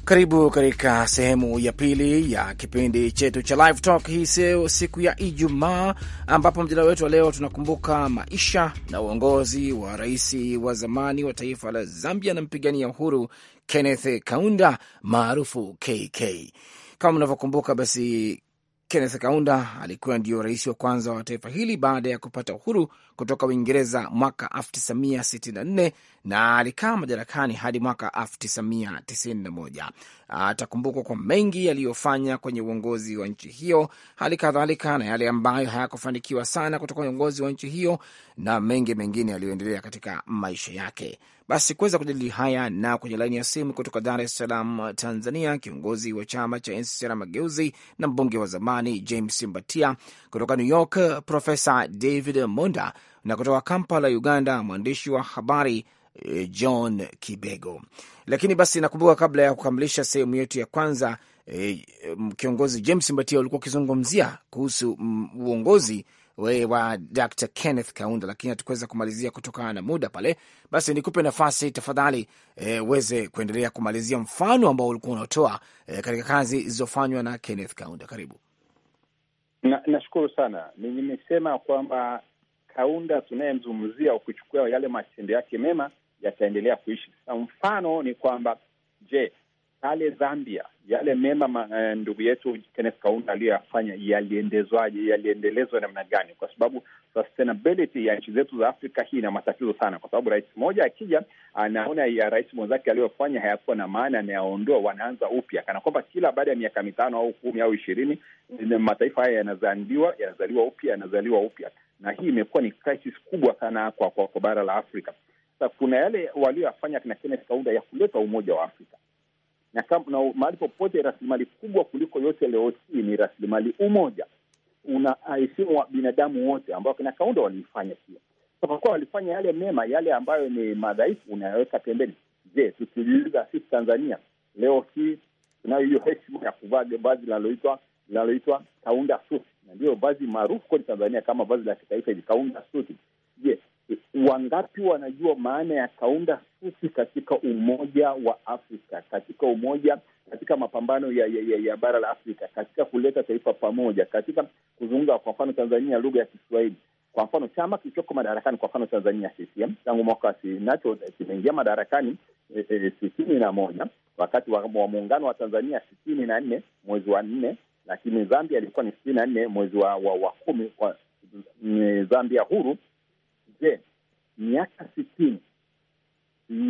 Karibu katika sehemu ya pili ya kipindi chetu cha Live Talk hii seo siku ya Ijumaa, ambapo mjadala wetu wa leo tunakumbuka maisha na uongozi wa rais wa zamani wa taifa la Zambia na mpigania uhuru Kenneth Kaunda maarufu KK. Kama mnavyokumbuka, basi Kenneth Kaunda alikuwa ndio rais wa kwanza wa taifa hili baada ya kupata uhuru kutoka Uingereza mwaka 1964 na alikaa madarakani hadi mwaka 1991. Atakumbukwa kwa mengi yaliyofanya kwenye uongozi wa nchi hiyo, hali kadhalika na yale ambayo hayakufanikiwa sana kutoka uongozi wa nchi hiyo na mengi mengine yaliyoendelea katika maisha yake. Basi kuweza kujadili haya na kwenye laini ya simu kutoka Dar es Salaam, Tanzania, kiongozi wa chama cha NCCR Mageuzi na mbunge wa zamani James Mbatia, kutoka New York Profesa David Monda, na kutoka Kampala, Uganda, mwandishi wa habari eh, John Kibego. Lakini basi nakumbuka kabla ya kukamilisha sehemu yetu ya kwanza, eh, kiongozi James Mbatia, ulikuwa ukizungumzia kuhusu mm, uongozi wa Dr. Kenneth Kaunda, lakini hatukuweza kumalizia kutokana na muda pale. Basi nikupe nafasi tafadhali eh, uweze e, kuendelea kumalizia mfano ambao ulikuwa unaotoa e, katika kazi zilizofanywa na Kenneth Kaunda. Karibu. Na, sana. Nimesema kwamba Kaunda tunayemzungumzia, ukuchukua yale matendo yake mema yataendelea kuishi. Mfano ni kwamba je, pale Zambia yale mema ma, eh, ndugu yetu Kenneth Kaunda aliyoyafanya yaliendezwaje? Yaliendelezwa namna gani? Kwa sababu sustainability ya nchi zetu za Afrika hii ina matatizo sana, kwa sababu rais mmoja akija anaona ya rais mwenzake aliyofanya hayakuwa na maana, anayaondoa, wanaanza upya, kana kwamba kila baada ya miaka mitano au kumi au ishirini eh, mataifa haya yanazaliwa yanazaliwa upya yanazaliwa upya, na hii imekuwa ni crisis kubwa sana kwa, kwa, kwa bara la Afrika. Sasa kuna yale walioyafanya kina Kenneth Kaunda ya kuleta umoja wa Afrika na, na mahali popote rasilimali kubwa kuliko yote leo hii ni rasilimali umoja, una wa binadamu wote, ambao kina Kaunda waliifanya pia. Kwa walifanya yale mema, yale ambayo ni madhaifu unayoweka pembeni. Je, tukijiuliza sisi Tanzania leo hii tunayo hiyo heshima ya kuvaa vazi linaloitwa linaloitwa Kaunda suti, na ndiyo vazi maarufu kote Tanzania kama vazi la kitaifa hivi, Kaunda suti. Je, wangapi wanajua maana ya kaunda sufi katika Umoja wa Afrika, katika umoja, katika mapambano ya, ya, ya, ya bara la Afrika, katika kuleta taifa pamoja, katika kuzungumza kwa mfano Tanzania lugha ya Kiswahili. Kwa mfano chama kilichoko madarakani kwa mfano Tanzania CCM tangu mwaka nacho kimeingia madarakani e, e, sitini na moja wakati wa, wa muungano wa Tanzania sitini na nne mwezi wa nne, lakini Zambia ilikuwa ni sitini na nne mwezi wa, wa, wa kumi kwa eh, Zambia huru Je, miaka sitini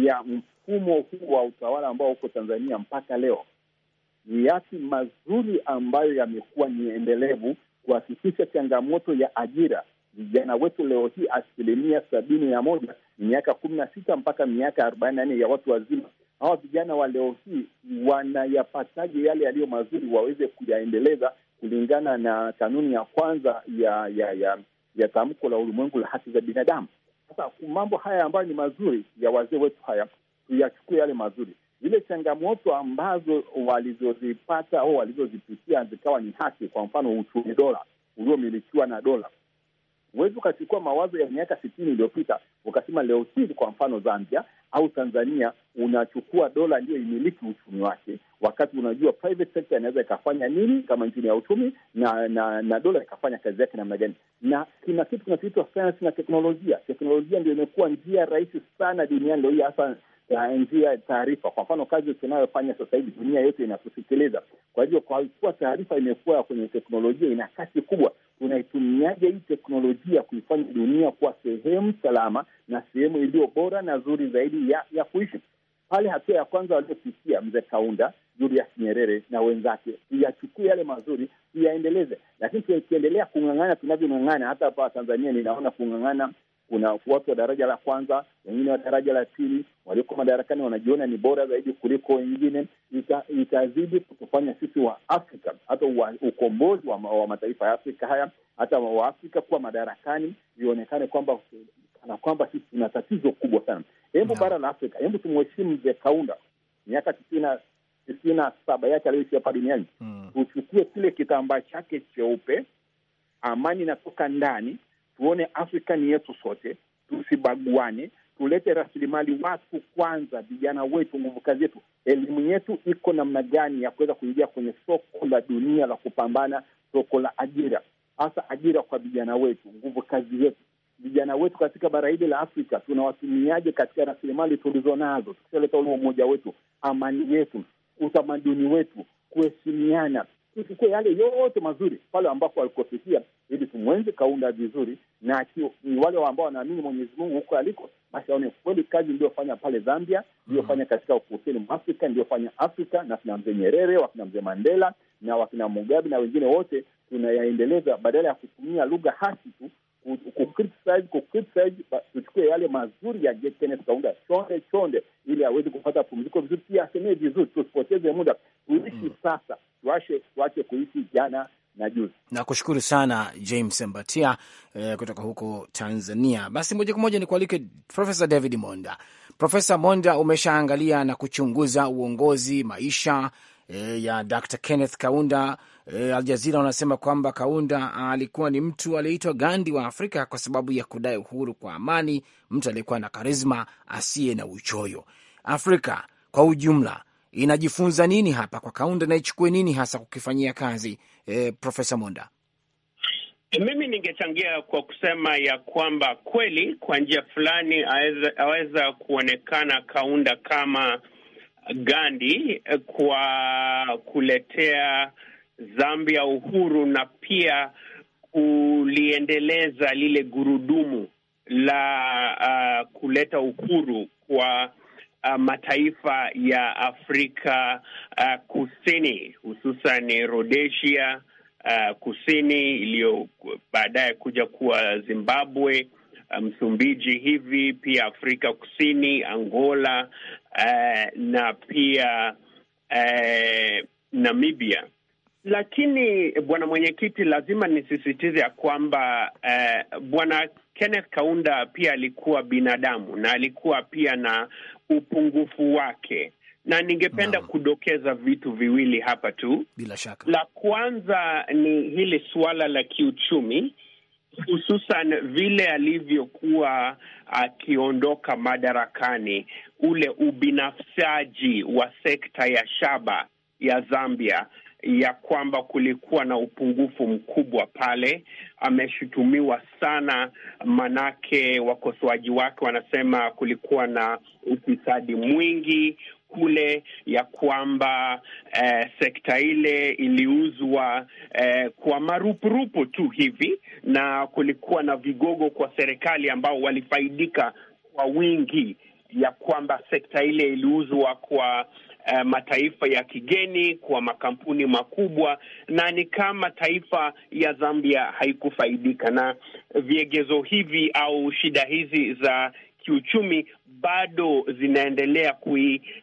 ya mfumo huu wa utawala ambao uko Tanzania mpaka leo ni yapi mazuri ambayo yamekuwa ni endelevu kuhakikisha changamoto ya ajira vijana wetu leo hii asilimia sabini na moja miaka kumi na sita mpaka miaka arobaini na nne ya watu wazima. Hawa vijana wa leo hii wanayapataje yale yaliyo mazuri waweze kuyaendeleza kulingana na kanuni ya kwanza ya ya ya ya tamko la ulimwengu la haki za binadamu. Sasa mambo haya ambayo ni mazuri ya wazee wetu, haya tuyachukue yale mazuri. Zile changamoto ambazo walizozipata au walizozipitia zikawa ni haki, kwa mfano uchumi dola uliomilikiwa na dola huwezi ukachukua mawazo ya miaka sitini iliyopita ukasema leo hivi, kwa mfano Zambia au Tanzania unachukua dola ndiyo imiliki uchumi wake, wakati unajua private sector inaweza ikafanya nini kama injini ya uchumi na na, na dola ikafanya kazi yake namna gani. Na kuna kitu kinachoitwa sayansi na teknolojia. Teknolojia ndio imekuwa njia rahisi sana duniani leo hii, hasa ya njia taarifa. Kwa mfano kazi tunayofanya sasa hivi, dunia yote inatusikiliza. Kwa hivyo, kwa kuwa taarifa imekuwa kwenye teknolojia, ina kasi kubwa, tunaitumiaje hii teknolojia kuifanya dunia kuwa sehemu salama na sehemu iliyo bora na zuri zaidi ya, ya kuishi? Pale hatua ya kwanza waliofikia mzee Kaunda, Julius Nyerere na wenzake, tuyachukue yale mazuri tuyaendeleze, lakini tukiendelea kung'ang'ana tunavyong'ang'ana, hata hapa Tanzania ninaona kung'ang'ana kuna watu wa daraja la kwanza, wengine wa daraja la pili, walioko madarakani wanajiona ni bora zaidi kuliko wengine. Ita, itazidi kutufanya sisi wa Afrika hata ukombozi wa, wa mataifa ya Afrika haya hata Waafrika kuwa madarakani vionekane kwamba na kwamba sisi tuna tatizo kubwa sana. Hebu no. bara la Afrika, hebu tumuheshimu Mzee Kaunda miaka tisini na tisini na saba yake aliyoishi hapa duniani mm. Tuchukue kile kitambaa chake cheupe, amani inatoka ndani tuone Afrika ni yetu sote, tusibaguane, tulete rasilimali watu kwanza, vijana wetu, nguvu kazi yetu, elimu yetu iko namna gani ya kuweza kuingia kwenye soko la dunia la kupambana, soko la ajira, hasa ajira kwa vijana wetu, nguvu kazi yetu vijana wetu katika bara hili la Afrika tunawatumiaje katika rasilimali tulizo nazo? Tukishaleta ule umoja wetu, amani yetu, utamaduni wetu, kuheshimiana, tuchukue yale yote mazuri pale ambapo alikofikia, ili tumwenze kaunda vizuri, na ni wale ambao wanaamini Mwenyezi Mungu huko aliko, basi aone kweli kazi iliyofanya pale Zambia, iliyofanya mm-hmm. katika kusini mwa Afrika, iliyofanya Afrika na kina mzee Nyerere, wakina mzee Mandela na wakina Mugabe na wengine wote tunayaendeleza, badala ya kutumia lugha hasi tu ku criticize, tuchukue yale mazuri ya Kenneth Kaunda chonde chonde, ili aweze kupata pumziko vizuri, pia asemee vizuri. Tusipoteze muda, tuishi mm. Sasa tuache tuache kuishi jana na juzi. Nakushukuru sana James Mbatia eh, kutoka huko Tanzania. Basi moja kwa moja ni kualike Profesa David Monda. Profesa Monda, umeshaangalia na kuchunguza uongozi maisha eh, ya Dr Kenneth Kaunda e, Al jazira wanasema kwamba Kaunda ah, alikuwa ni mtu aliyeitwa Gandhi wa Afrika kwa sababu ya kudai uhuru kwa amani, mtu aliyekuwa na karizma, asiye na uchoyo. Afrika kwa ujumla inajifunza nini hapa kwa Kaunda na ichukue nini hasa kukifanyia kazi? E, Profesa Monda. Eh, mimi ningechangia kwa kusema ya kwamba kweli kwa njia fulani aweza kuonekana Kaunda kama Gandhi kwa kuletea Zambia uhuru na pia kuliendeleza lile gurudumu la uh, kuleta uhuru kwa uh, mataifa ya Afrika uh, Kusini hususan Rhodesia uh, Kusini iliyo baadaye kuja kuwa Zimbabwe, uh, Msumbiji hivi pia Afrika Kusini, Angola uh, na pia uh, Namibia lakini eh, bwana mwenyekiti, lazima nisisitize ya kwamba eh, bwana Kenneth Kaunda pia alikuwa binadamu na alikuwa pia na upungufu wake, na ningependa kudokeza vitu viwili hapa tu. Bila shaka, la kwanza ni hili suala la kiuchumi hususan vile alivyokuwa akiondoka madarakani, ule ubinafsaji wa sekta ya shaba ya Zambia ya kwamba kulikuwa na upungufu mkubwa pale. Ameshutumiwa sana, manake wakosoaji wake wanasema kulikuwa na ufisadi mwingi kule ya kwamba eh, sekta ile iliuzwa eh, kwa marupurupu tu hivi, na kulikuwa na vigogo kwa serikali ambao walifaidika kwa wingi, ya kwamba sekta ile iliuzwa kwa Eh, mataifa ya kigeni, kwa makampuni makubwa, na ni kama taifa ya Zambia haikufaidika na viegezo hivi au shida hizi za kiuchumi bado zinaendelea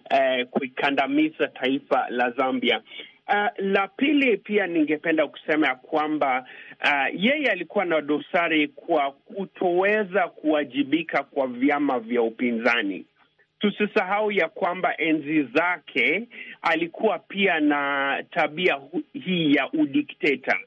eh, kuikandamiza eh, kui taifa la Zambia. Uh, la pili pia ningependa kusema ya kwamba uh, yeye alikuwa na dosari kwa kutoweza kuwajibika kwa vyama vya upinzani. Tusisahau ya kwamba enzi zake alikuwa pia na tabia hii ya udikteta.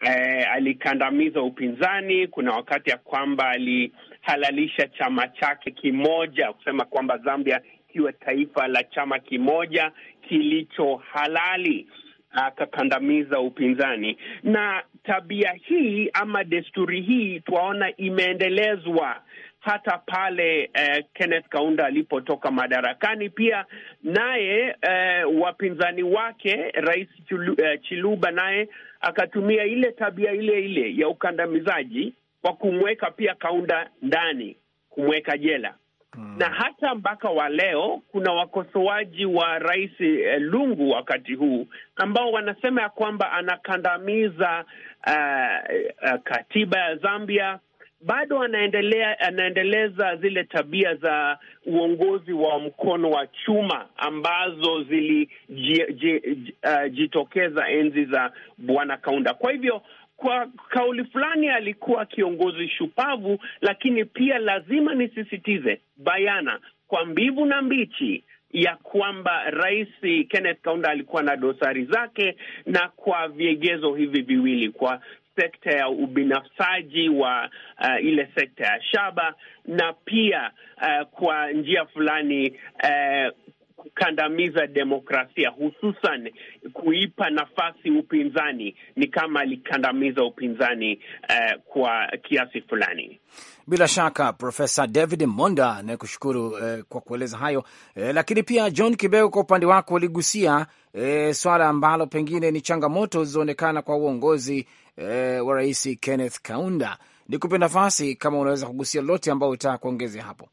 E, alikandamiza upinzani. Kuna wakati ya kwamba alihalalisha chama chake kimoja, kusema kwamba Zambia ikiwa taifa la chama kimoja kilicho halali, akakandamiza upinzani. Na tabia hii ama desturi hii twaona imeendelezwa hata pale eh, Kenneth Kaunda alipotoka madarakani, pia naye eh, wapinzani wake Rais Chulu, eh, Chiluba naye akatumia ile tabia ile ile ya ukandamizaji kwa kumweka pia Kaunda ndani, kumweka jela. Hmm. Na hata mpaka wa leo kuna wakosoaji wa Rais eh, Lungu wakati huu ambao wanasema ya kwamba anakandamiza uh, uh, katiba ya Zambia bado anaendelea anaendeleza zile tabia za uongozi wa mkono wa chuma ambazo zilijitokeza uh, enzi za Bwana Kaunda. Kwa hivyo kwa kauli fulani alikuwa kiongozi shupavu, lakini pia lazima nisisitize bayana kwa mbivu na mbichi ya kwamba Rais Kenneth Kaunda alikuwa na dosari zake, na kwa viegezo hivi viwili, kwa sekta ya ubinafsaji wa uh, ile sekta ya shaba na pia uh, kwa njia fulani uh, kukandamiza demokrasia hususan kuipa nafasi upinzani, ni kama alikandamiza upinzani uh, kwa kiasi fulani. Bila shaka Profesa David Monda nakushukuru uh, kwa kueleza hayo uh, lakini pia John Kibego, kwa upande wako uligusia uh, swala ambalo pengine ni changamoto zilizoonekana kwa uongozi eh, wa Rais Kenneth Kaunda. Nikupe nafasi kama unaweza kugusia lolote ambao utaka kuongezea hapo.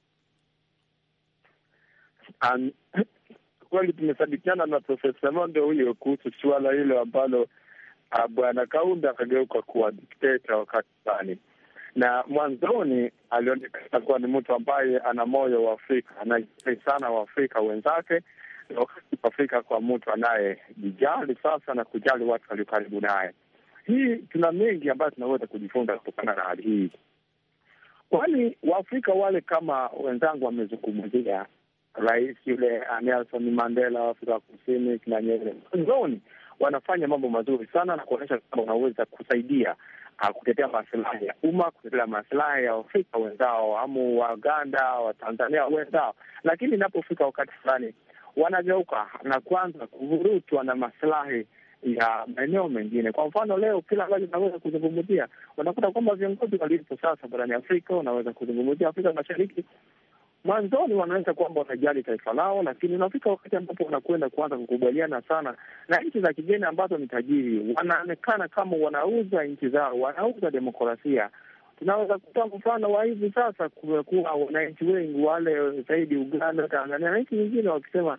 Um, kweli tumesadikiana na Profesa Monde huyo kuhusu suala hilo ambalo ah, bwana Kaunda akageuka kuwa dikteta wakati fulani, na mwanzoni alionekana kuwa ni mtu ambaye ana moyo wa Afrika, anajali sana Waafrika wenzake, na wakati Afrika kwa mtu anayejijali sasa na kujali watu walio karibu naye hii tuna mengi ambayo tunaweza kujifunza kutokana na hali hii, kwani Waafrika wale kama wenzangu wamezungumzia, rais yule ah, Nelson Mandela wa Afrika Kusini, kina Nyerere, mwanzoni wanafanya mambo mazuri sana na kuonyesha kwamba unaweza kusaidia uh, kutetea masilahi ya umma, kutetea masilahi ya Afrika wenzao amu Waganda, Watanzania wenzao, lakini inapofika wakati fulani wanageuka na kwanza kuvurutwa na masilahi ya maeneo mengine. Kwa mfano leo, kila ambacho naweza kuzungumzia, unakuta kwamba viongozi walipo sasa barani Afrika, unaweza kuzungumzia Afrika Mashariki, mwanzoni wanaweza kwamba wanajali taifa lao, lakini unafika wakati ambapo wanakwenda kuanza kukubaliana sana na nchi za kigeni ambazo ni tajiri, wanaonekana kama wanauza nchi zao, wanauza demokrasia. Tunaweza kutoa mfano wa hivi sasa, kumekuwa wananchi wengi wale zaidi Uganda, Tanzania na nchi nyingine wakisema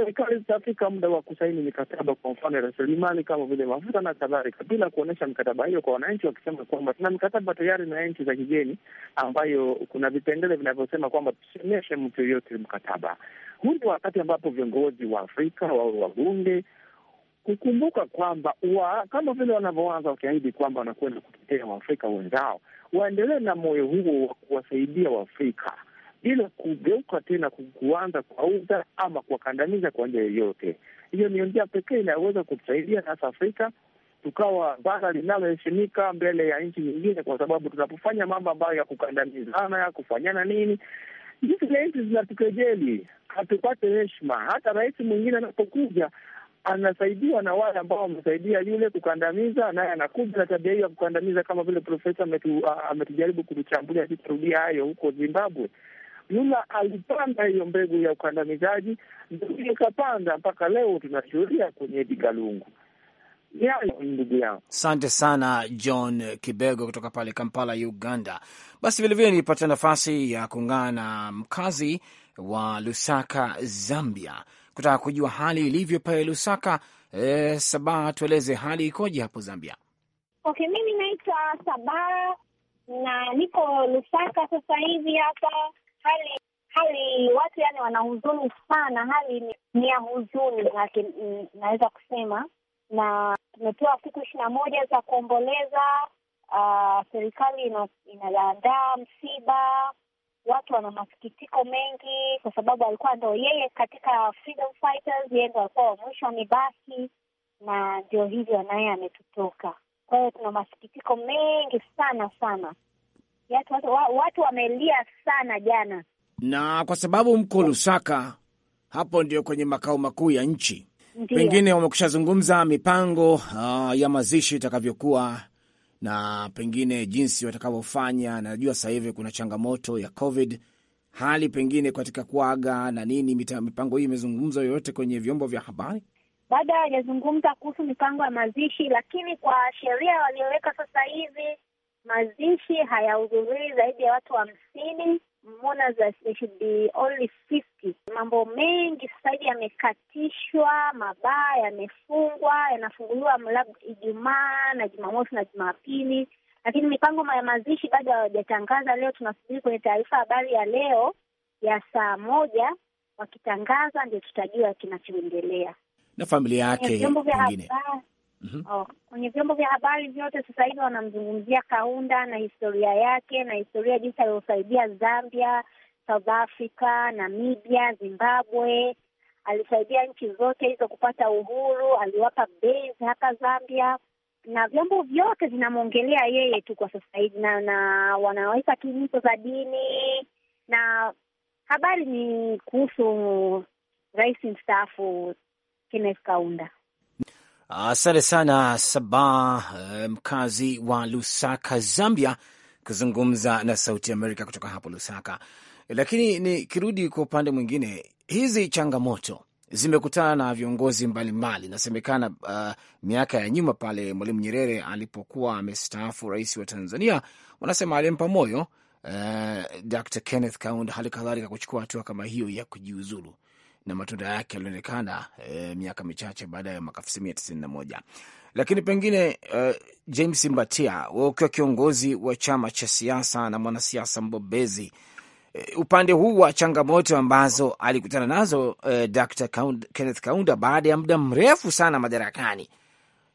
serikali zitafika muda wa kusaini mikataba, kwa mfano ya rasilimali kama vile mafuta na kadhalika, bila kuonyesha mikataba hiyo kwa wananchi, wakisema kwamba tuna mikataba tayari na nchi za kigeni, ambayo kuna vipengele vinavyosema kwamba tusionyeshe mtu yoyote mkataba huu. Ni wakati ambapo viongozi wa Afrika wawe wabunge kukumbuka kwamba wa, kama vile wanavyoanza wakiahidi kwamba wanakwenda kutetea waafrika wenzao, waendelee na moyo huo wa kuwasaidia waafrika bila kugeuka tena kuanza kuwauza ama kuwakandamiza kwa njia yoyote. Hiyo ndio njia pekee inayoweza kutusaidia sasa Afrika tukawa bara linaloheshimika mbele ya nchi nyingine, kwa sababu tunapofanya mambo ambayo ya kukandamizana ya kufanyana nini, hizi nchi zinatukejeli, hatupate heshima. Hata rais mwingine anapokuja anasaidiwa na wale ambao wamesaidia yule kukandamiza, naye anakuja na tabia hiyo ya kukandamiza, kama vile profesa ametujaribu kutuchambulia, sitarudia hayo huko Zimbabwe. Lula alipanda hiyo mbegu ya ukandamizaji, ndio ikapanda mpaka leo tunashuhudia kwenye digalungu. Asante sana John Kibego kutoka pale Kampala, Uganda. Basi vilevile nilipata nafasi ya kuungana na mkazi wa Lusaka, Zambia, kutaka kujua hali ilivyo pale Lusaka. E, eh, Sabaa, tueleze hali ikoje hapo Zambia? Okay, mimi naitwa Sabaa na niko Lusaka sasa hivi hapa hali hali watu yani wana huzuni sana, hali ni, ya huzuni mm, naweza kusema, na tumepewa siku ishirini na moja za kuomboleza. Ah, serikali inaandaa msiba, watu wana masikitiko mengi kwa sababu alikuwa ndo yeye katika freedom fighters, yeye ndo alikuwa wa mwisho amebaki, na ndio hivyo naye ametutoka. Kwa hiyo tuna masikitiko mengi sana sana watu, watu wamelia sana jana, na kwa sababu mko Lusaka, hapo ndio kwenye makao makuu ya nchi. Ndiyo. Pengine wamekushazungumza mipango uh, ya mazishi itakavyokuwa na pengine jinsi watakavyofanya. Najua sasa hivi kuna changamoto ya COVID, hali pengine katika kuaga na nini, mipango hii imezungumzwa yoyote kwenye vyombo vya habari? Bado hawajazungumza kuhusu mipango ya mazishi, lakini kwa sheria walioweka sasa hivi mazishi hayahudhurii zaidi ya watu hamsini only 50. Mambo mengi sasa hivi yamekatishwa, mabaa yamefungwa, yanafunguliwa labda Ijumaa na Jumamosi na Jumapili, lakini mipango ya mazishi bado hawajatangaza. Leo tunasubiri kwenye taarifa habari ya leo ya saa moja, wakitangaza ndio tutajua kinachoendelea na familia yake. Eh, vyombo vya habari Mm -hmm. Oh, kwenye vyombo vya habari vyote sasa hivi wanamzungumzia Kaunda na historia yake na historia jinsi alivyosaidia Zambia, South Africa, Namibia, Zimbabwe. Alisaidia nchi zote hizo kupata uhuru, aliwapa base hapa Zambia, na vyombo vyote vinamwongelea yeye tu kwa sasa hivi, na na wanaweka tu nyimbo za dini na habari ni kuhusu rais mstaafu Kenneth Kaunda. Asante sana Saba, eh, mkazi wa Lusaka, Zambia, kuzungumza na Sauti Amerika kutoka hapo Lusaka. Lakini nikirudi kwa upande mwingine, hizi changamoto zimekutana na viongozi mbalimbali. Inasemekana uh, miaka ya nyuma pale Mwalimu Nyerere alipokuwa amestaafu rais wa Tanzania, wanasema alimpa moyo uh, Dr Kenneth Kaunda hali kadhalika kuchukua hatua kama hiyo ya kujiuzulu na matunda yake yalionekana e, miaka michache baada ya mwaka elfu tisa mia tisini na moja. Lakini pengine uh, James Mbatia, we ukiwa kiongozi wa chama cha siasa na mwanasiasa mbobezi uh, upande huu wa changamoto ambazo alikutana nazo uh, Dr. Kaunda, Kenneth Kaunda baada ya muda mrefu sana madarakani,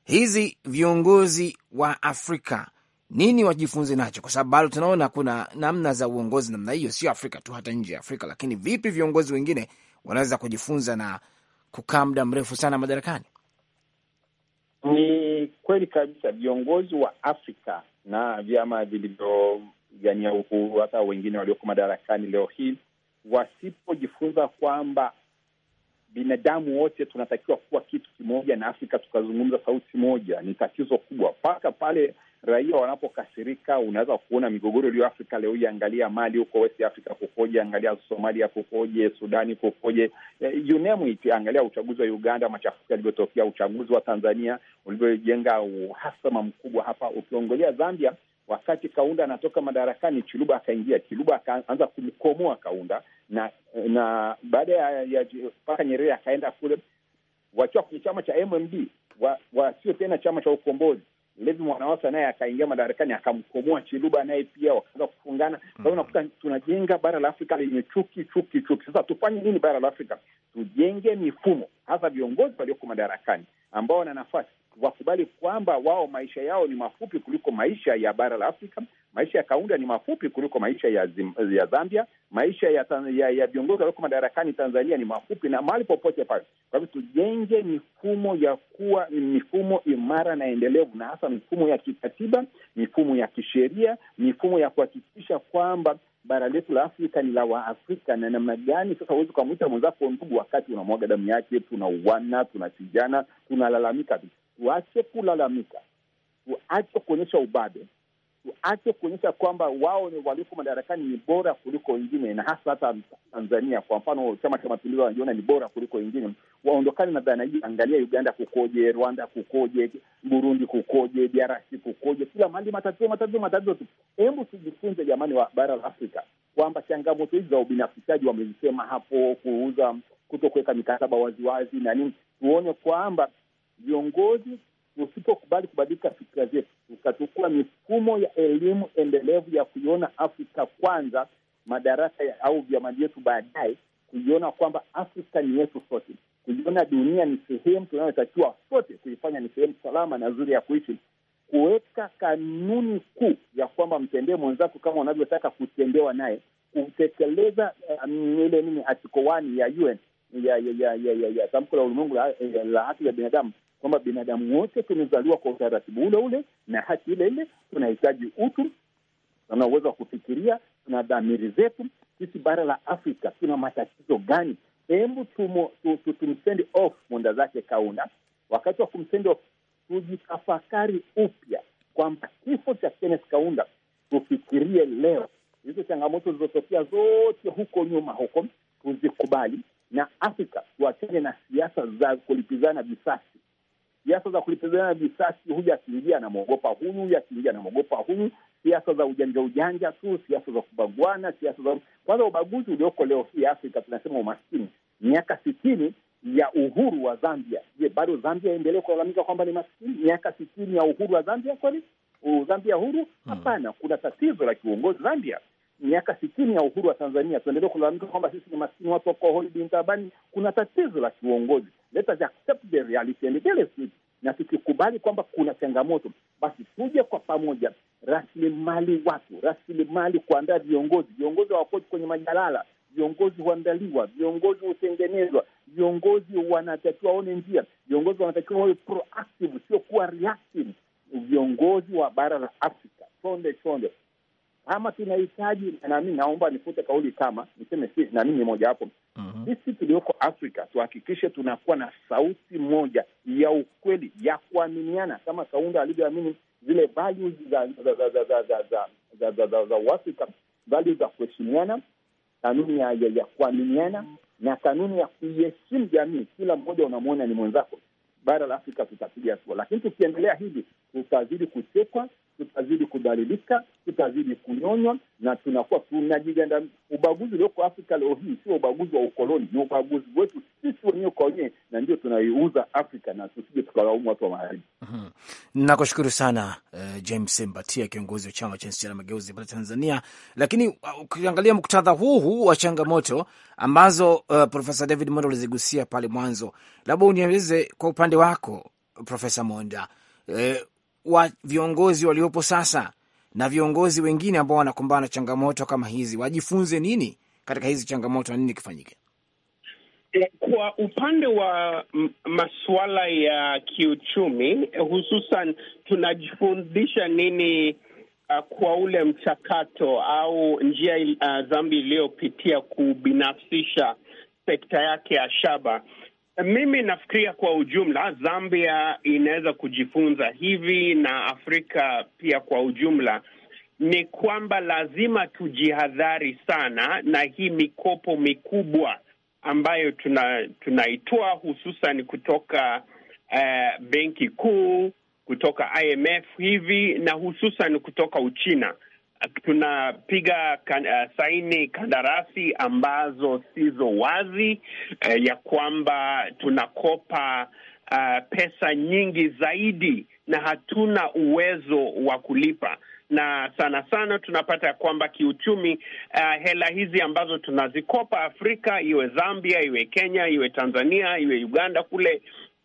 hizi viongozi wa Afrika nini wajifunze nacho, kwa sababu bado tunaona kuna namna za uongozi namna hiyo, sio Afrika tu, hata nje ya Afrika. Lakini vipi viongozi wengine wanaweza kujifunza na kukaa muda mrefu sana madarakani? Ni kweli kabisa, viongozi wa Afrika na vyama vilivyopigania uhuru, hata wengine walioko madarakani leo hii, wasipojifunza kwamba binadamu wote tunatakiwa kuwa kitu kimoja na Afrika tukazungumza sauti moja, ni tatizo kubwa mpaka pale raia wanapokasirika, unaweza kuona migogoro iliyo Afrika leo hii. Angalia Mali huko West Africa kukoje, angalia Somalia kukoje, Sudani kukoje, eh, you name it. Angalia uchaguzi wa Uganda, machafuko yalivyotokea, uchaguzi wa Tanzania ulivyojenga uhasama mkubwa hapa. Ukiongelea Zambia, wakati Kaunda anatoka madarakani, Chiluba akaingia, Chiluba akaanza kumkomoa Kaunda na na baada ya mpaka Nyerere akaenda kule, wakiwa kwenye chama cha MMD wasio wa tena chama cha ukombozi Mlezi Mwanawasa naye akaingia madarakani akamkomoa Chiluba naye pia wakaanza kufungana. Kwa hiyo mm. unakuta tunajenga bara la Afrika lenye chuki, chuki, chuki. Sasa tufanye nini bara la Afrika? Tujenge mifumo, hasa viongozi walioko madarakani ambao wana nafasi wakubali kwamba wao maisha yao ni mafupi kuliko maisha ya bara la Afrika. Maisha ya Kaunda ni mafupi kuliko maisha ya, zim, ya Zambia. Maisha ya viongozi walioko madarakani Tanzania ni mafupi na mahali popote pale. Kwa hivyo tujenge mifumo ya kuwa mifumo imara na endelevu, na hasa mifumo ya kikatiba, mifumo ya kisheria, mifumo ya kuhakikisha kwamba bara letu la Afrika ni la Waafrika. Na namna gani sasa huwezi ukamwita mwenzako ndugu wakati unamwaga damu yake? Tunauana, tunachinjana, tunalalamika. Tuache kulalamika, tuache kuonyesha ubabe tuache kuonyesha kwamba wao walioko madarakani ni bora kuliko wengine, na hasa hata Tanzania. Kwa mfano, Chama cha Mapinduzi wanajiona ni bora kuliko wengine, waondokane na dhana hii. Angalia Uganda kukoje, Rwanda kukoje, Burundi kukoje, DRC kukoje, kila mahali matatizo, matatizo, matatizo tu. Hebu tujifunze jamani, wa bara la Afrika kwamba changamoto hizi za ubinafsishaji wamezisema hapo, kuuza, kuto kuweka mikataba waziwazi na nini, tuone kwamba viongozi Usipokubali kubadilika fikira zetu, tukachukua mifumo ya elimu endelevu ya kuiona Afrika kwanza, madarasa ya, au vyama vyetu baadaye, kuiona kwamba Afrika ni yetu sote, kuiona dunia ni sehemu tunayotakiwa sote kuifanya ni sehemu salama na nzuri ya kuishi, kuweka kanuni kuu ya kwamba mtendee mwenzako kama unavyotaka kutendewa naye, kutekeleza um, ile nini atikoani wani ya UN ya ya ya ya tamko la ulimwengu la eh, haki za binadamu kwamba binadamu wote tumezaliwa kwa utaratibu ule ule na haki ile ile. Tunahitaji utu, tuna uwezo wa kufikiria, tuna dhamiri zetu. Sisi bara la Afrika tuna matatizo gani? Hebu tumsend off munda zake Kaunda, wakati wa kumsendi off tujitafakari upya kwamba kifo cha Kenneth Kaunda, tufikirie leo hizo changamoto zilizotokea zote huko nyuma, huko tuzikubali, na Afrika tuachane na siasa za kulipizana visasi siasa za kulipigana visasi, huyu akiingia anamwogopa huyu, huyu akiingia anamwogopa huyu, siasa za ujanja ujanja tu, siasa za kubagwana, siasa za kwanza. Ubaguzi ulioko leo hii Afrika tunasema umaskini. Miaka sitini ya uhuru wa Zambia, je, bado Zambia aendelee kulalamika kwamba ni maskini? Miaka sitini ya uhuru wa Zambia, kweli Zambia huru? Hmm. Hapana, hmm. Kuna tatizo la kiuongozi Zambia miaka sitini ya uhuru wa Tanzania tuendelee kulalamika kwamba sisi ni maskini, watu wako holiday Kuna tatizo la kiuongozi. Let us accept the reality and deal with it, na tukikubali kwamba kuna changamoto, basi tuje kwa pamoja, rasilimali watu, rasilimali kuandaa viongozi. Viongozi hawapoti kwenye majalala, viongozi huandaliwa, viongozi hutengenezwa, viongozi wanatakiwa waone njia, viongozi wanatakiwa wawe proactive, sio kuwa reactive. Viongozi wa bara la Afrika, chonde chonde kama tunahitaji, nami naomba nifute kauli kama niseme si, na mimi ni mojawapo sisi uh -huh. tulioko Afrika tuhakikishe tunakuwa na sauti moja ya ukweli ya kuaminiana, kama Kaunda alivyoamini zile values za za Uafrika, values za kuheshimiana, kanuni ya, ya, ya kuaminiana na kanuni ya kuiheshimu jamii. Kila mmoja unamwona ni mwenzako. Bara la Afrika tutapiga hatua, lakini tukiendelea hivi tutazidi kuchekwa tutazidi kudhalilika, tutazidi kunyonywa na tunakuwa tunajiganda. Ubaguzi ulioko Afrika leo hii sio ubaguzi wa ukoloni, ni ubaguzi wetu sisi wenyewe kwa wenyewe, na ndio tunaiuza Afrika na tusije tukalaumu watu wa magharibi. Mm -hmm. Nakushukuru sana uh, James Mbatia, kiongozi wa chama cha NCCR Mageuzi pale Tanzania. Lakini uh, ukiangalia uh, muktadha huu huu wa changamoto ambazo uh, Profesa David Monda ulizigusia pale mwanzo, labda unieleze kwa upande wako Profesa Monda. Eh, wa viongozi waliopo sasa na viongozi wengine ambao wanakumbana na changamoto kama hizi wajifunze nini katika hizi changamoto na nini kifanyike? Kwa upande wa masuala ya kiuchumi hususan, tunajifundisha nini uh, kwa ule mchakato au njia uh, iliyopitia kubinafsisha sekta yake ya shaba mimi nafikiria kwa ujumla Zambia inaweza kujifunza hivi na Afrika pia kwa ujumla ni kwamba lazima tujihadhari sana na hii mikopo mikubwa ambayo tuna, tunaitoa hususan kutoka uh, benki kuu kutoka IMF hivi na hususan kutoka Uchina tunapiga kan, uh, saini kandarasi ambazo sizo wazi uh, ya kwamba tunakopa uh, pesa nyingi zaidi na hatuna uwezo wa kulipa na sana sana tunapata ya kwamba kiuchumi, uh, hela hizi ambazo tunazikopa Afrika, iwe Zambia, iwe Kenya, iwe Tanzania, iwe Uganda kule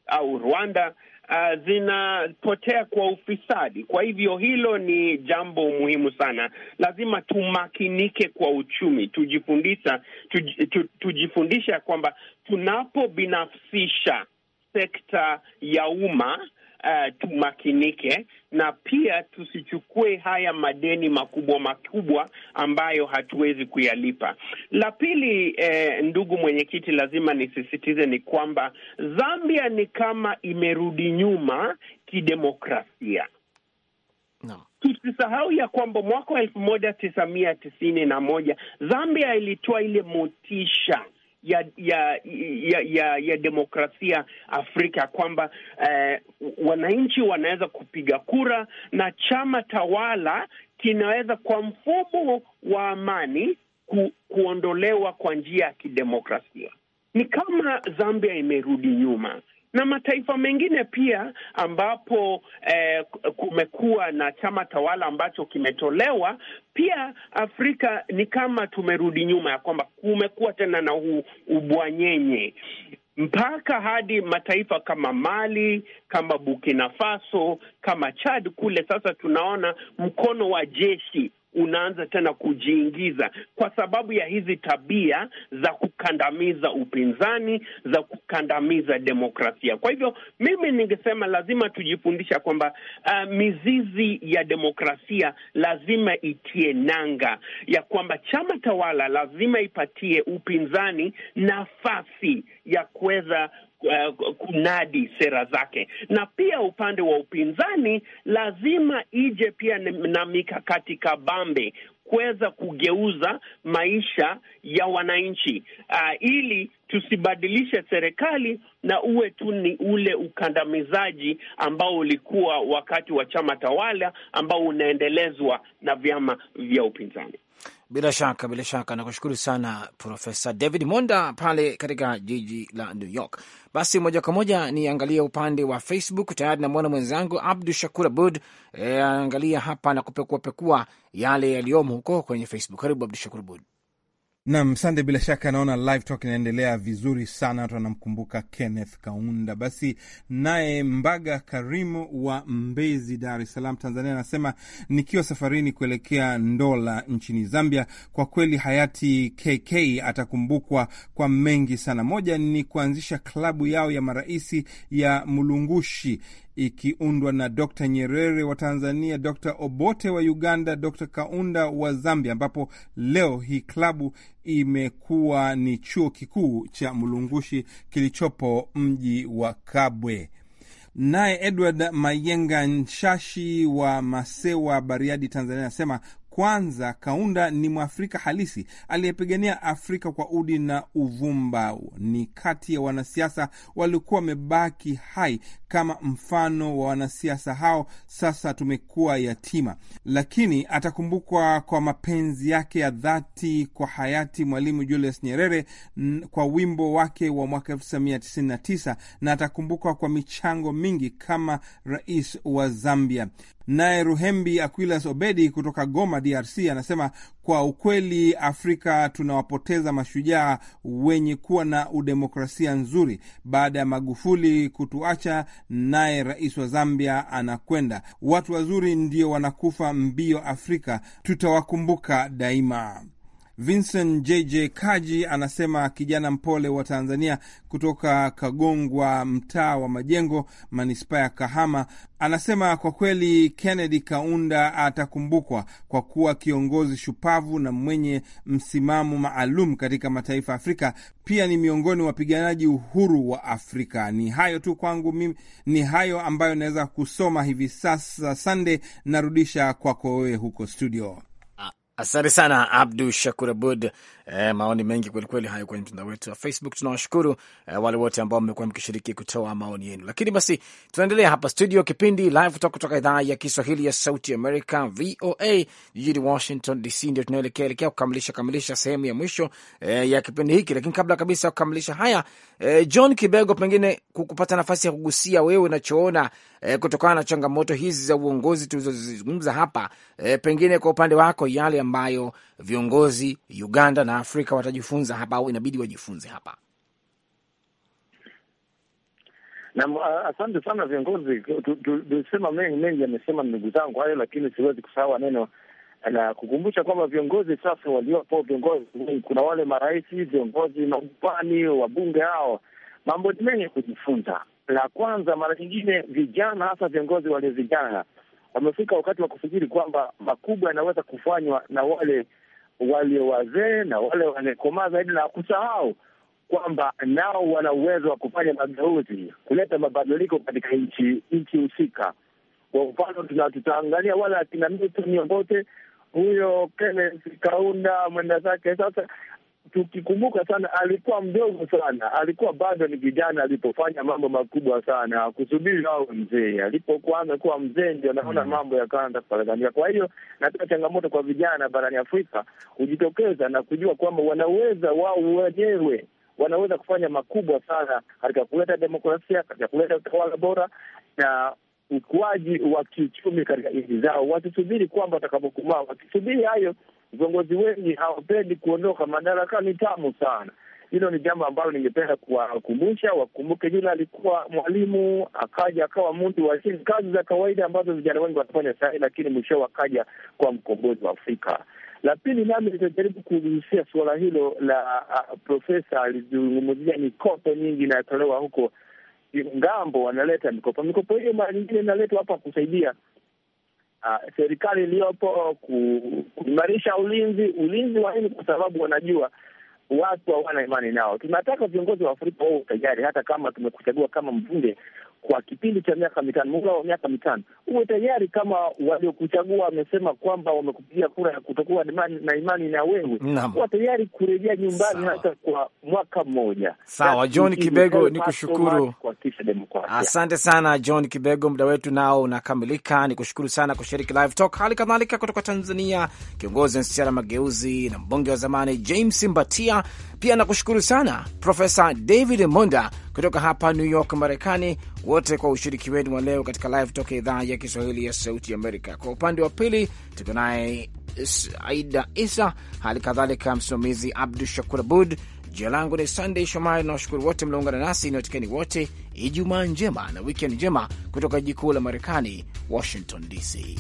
au Rwanda, uh, zinapotea kwa ufisadi. Kwa hivyo hilo ni jambo muhimu sana, lazima tumakinike kwa uchumi, tujifundisha tuj, tu, tujifundisha kwamba tunapobinafsisha sekta ya umma uh, tumakinike na pia tusichukue haya madeni makubwa makubwa ambayo hatuwezi kuyalipa. La pili, eh, ndugu mwenyekiti, lazima nisisitize ni kwamba Zambia ni kama imerudi nyuma kidemokrasia. No. Tusisahau ya kwamba mwaka wa elfu moja tisa mia tisini na moja Zambia ilitoa ile motisha ya ya ya ya, ya demokrasia Afrika kwamba eh, wananchi wanaweza kupiga kura na chama tawala kinaweza kwa mfumo wa amani ku, kuondolewa kwa njia ya kidemokrasia. Ni kama Zambia imerudi nyuma na mataifa mengine pia ambapo eh, kumekuwa na chama tawala ambacho kimetolewa. Pia Afrika ni kama tumerudi nyuma, ya kwamba kumekuwa tena na huu ubwanyenye mpaka hadi mataifa kama Mali, kama Burkina Faso, kama Chad kule sasa tunaona mkono wa jeshi unaanza tena kujiingiza kwa sababu ya hizi tabia za kukandamiza upinzani, za kukandamiza demokrasia. Kwa hivyo mimi ningesema lazima tujifundisha kwamba uh, mizizi ya demokrasia lazima itie nanga, ya kwamba chama tawala lazima ipatie upinzani nafasi ya kuweza Uh, kunadi sera zake, na pia upande wa upinzani lazima ije pia na mikakati kabambe kuweza kugeuza maisha ya wananchi uh, ili tusibadilishe serikali na uwe tu ni ule ukandamizaji ambao ulikuwa wakati wa chama tawala ambao unaendelezwa na vyama vya upinzani. Bila shaka, bila shaka, nakushukuru sana Profesa David Monda pale katika jiji la New York. Basi moja kwa moja niangalie upande wa Facebook. Tayari namwona mwenzangu Abdu Shakur Abud anaangalia eh, e, hapa na kupekuapekua yale yaliyomo huko kwenye Facebook. Karibu Abdu Shakur Abud. Nam sande. Bila shaka naona live talk inaendelea vizuri sana, watu wanamkumbuka Kenneth Kaunda. Basi naye Mbaga Karimu wa Mbezi, Dar es Salaam, Tanzania, anasema nikiwa safarini kuelekea Ndola nchini Zambia. Kwa kweli hayati KK atakumbukwa kwa mengi sana. Moja ni kuanzisha klabu yao ya maraisi ya Mulungushi ikiundwa na Dr Nyerere wa Tanzania, Dr Obote wa Uganda, Dr Kaunda wa Zambia, ambapo leo hii klabu imekuwa ni chuo kikuu cha mlungushi kilichopo mji wa Kabwe. Naye Edward Mayenga Nshashi wa Masewa, Bariadi, Tanzania, anasema kwanza, Kaunda ni Mwafrika halisi aliyepigania Afrika kwa udi na uvumba. Ni kati ya wanasiasa waliokuwa wamebaki hai kama mfano wa wanasiasa hao, sasa tumekuwa yatima, lakini atakumbukwa kwa mapenzi yake ya dhati kwa hayati Mwalimu Julius Nyerere kwa wimbo wake wa mwaka 1999 na atakumbukwa kwa michango mingi kama rais wa Zambia. Naye Ruhembi Aquilas Obedi kutoka Goma, DRC, anasema kwa ukweli, Afrika tunawapoteza mashujaa wenye kuwa na udemokrasia nzuri. Baada ya Magufuli kutuacha, naye rais wa Zambia anakwenda. Watu wazuri ndio wanakufa mbio. Afrika tutawakumbuka daima. Vincent JJ Kaji anasema kijana mpole wa Tanzania kutoka Kagongwa, mtaa wa Majengo, manispaa ya Kahama, anasema kwa kweli Kennedy Kaunda atakumbukwa kwa kuwa kiongozi shupavu na mwenye msimamo maalum katika mataifa ya Afrika. Pia ni miongoni wa wapiganaji uhuru wa Afrika. Ni hayo tu kwangu mimi, ni hayo ambayo naweza kusoma hivi sasa. Sande, narudisha kwako wewe huko studio. Asante sana Abdu Shakur Abud. Eh, maoni mengi kwelikweli hayo kwenye mtandao wetu wa Facebook. Tunawashukuru eh, wale wote ambao mmekuwa mkishiriki kutoa maoni yenu. Lakini basi tunaendelea hapa studio, kipindi Live Talk kutoka idhaa ya Kiswahili ya Sauti Amerika, VOA jijini Washington DC. Ndio tunaelekea elekea kukamilisha kamilisha sehemu ya mwisho eh, ya kipindi hiki, lakini kabla kabisa ya kukamilisha haya eh, John Kibego, pengine kukupata nafasi ya kugusia wewe unachoona e, kutokana na changamoto hizi za uongozi tulizozizungumza hapa e, pengine kwa upande wako yale ambayo viongozi Uganda na Afrika watajifunza hapa au inabidi wajifunze hapa? Naam, asante sana viongozi. Tulisema mengi mengi, amesema ndugu zangu hayo, lakini siwezi kusahau neno na kukumbusha kwamba viongozi sasa waliopo, viongozi kuna wale marais, viongozi maupani, wabunge hao, mambo ni mengi ya kujifunza. La kwanza, mara nyingine vijana, hasa viongozi walio vijana, wamefika wakati wa kufikiri kwamba makubwa yanaweza kufanywa na wale walio wazee na wale wanekomaa zaidi, na kusahau kwamba nao wana uwezo wa kufanya mageuzi, kuleta mabadiliko katika nchi nchi husika. Kwa mfano, tutaangalia wale akina Milton Obote, huyo Kenneth Kaunda mwenda zake sasa tukikumbuka sana, alikuwa mdogo sana, alikuwa bado ni kijana alipofanya mambo makubwa sana, kusubiri awe mzee. Alipokuanza kuwa mzee, ndio naona mm. mambo yakaanza kufarakania. Kwa hiyo natoa changamoto kwa vijana barani Afrika kujitokeza na kujua kwamba wanaweza wao wenyewe wanaweza kufanya makubwa sana katika kuleta demokrasia, katika kuleta utawala bora na ukuaji wa kiuchumi katika nchi zao. Wasisubiri kwamba watakapokumaa, wakisubiri hayo viongozi wengi hawapendi kuondoka madaraka ni tamu sana. Hilo ni jambo ambalo ningependa kuwakumbusha, wakumbuke yule alikuwa mwalimu akaja akawa mtu wa chini, kazi za kawaida ambazo vijana wengi wanafanya sahi, lakini mwishowe akaja kwa mkombozi wa Afrika. La pili, nami nitajaribu kugusia suala hilo la uh, profesa alizungumzia mikopo nyingi inayotolewa huko ngambo, wanaleta mikopo. Mikopo hiyo mara nyingine inaletwa hapa kusaidia uh, serikali iliyopo uh, kuimarisha ulinzi. Ulinzi wa nini? Kwa sababu wanajua watu hawana imani nao. Tunataka viongozi wa Afrika wao tayari, hata kama tumekuchagua kama mbunge, kwa kipindi cha miaka mitano, muhula wa miaka mitano, uwe tayari kama waliokuchagua wamesema kwamba wamekupigia kura ya kutokuwa na imani na wewe, kuwa tayari kurejea nyumbani hata kwa mwaka mmoja. Sawa, John Kibego, ni kushukuru asante sana John Kibego. Muda wetu nao unakamilika, ni kushukuru sana kushiriki Live Talk. Hali kadhalika kutoka Tanzania, kiongozi wa NCCR Mageuzi na mbunge wa zamani James Mbatia pia nakushukuru sana Profesa David Monda kutoka hapa New York, Marekani, wote kwa ushiriki wenu wa leo katika Live Talk idhaa ya Kiswahili ya Sauti Amerika. Kwa upande wa pili tuko naye Aida Isa, hali kadhalika msimamizi Abdu Shakur Abud. Jina langu ni Sandey Shomari na washukuru wote mlaungana nasi, niwatikeni wote Ijumaa njema na wikend njema kutoka jikuu la Marekani, Washington DC.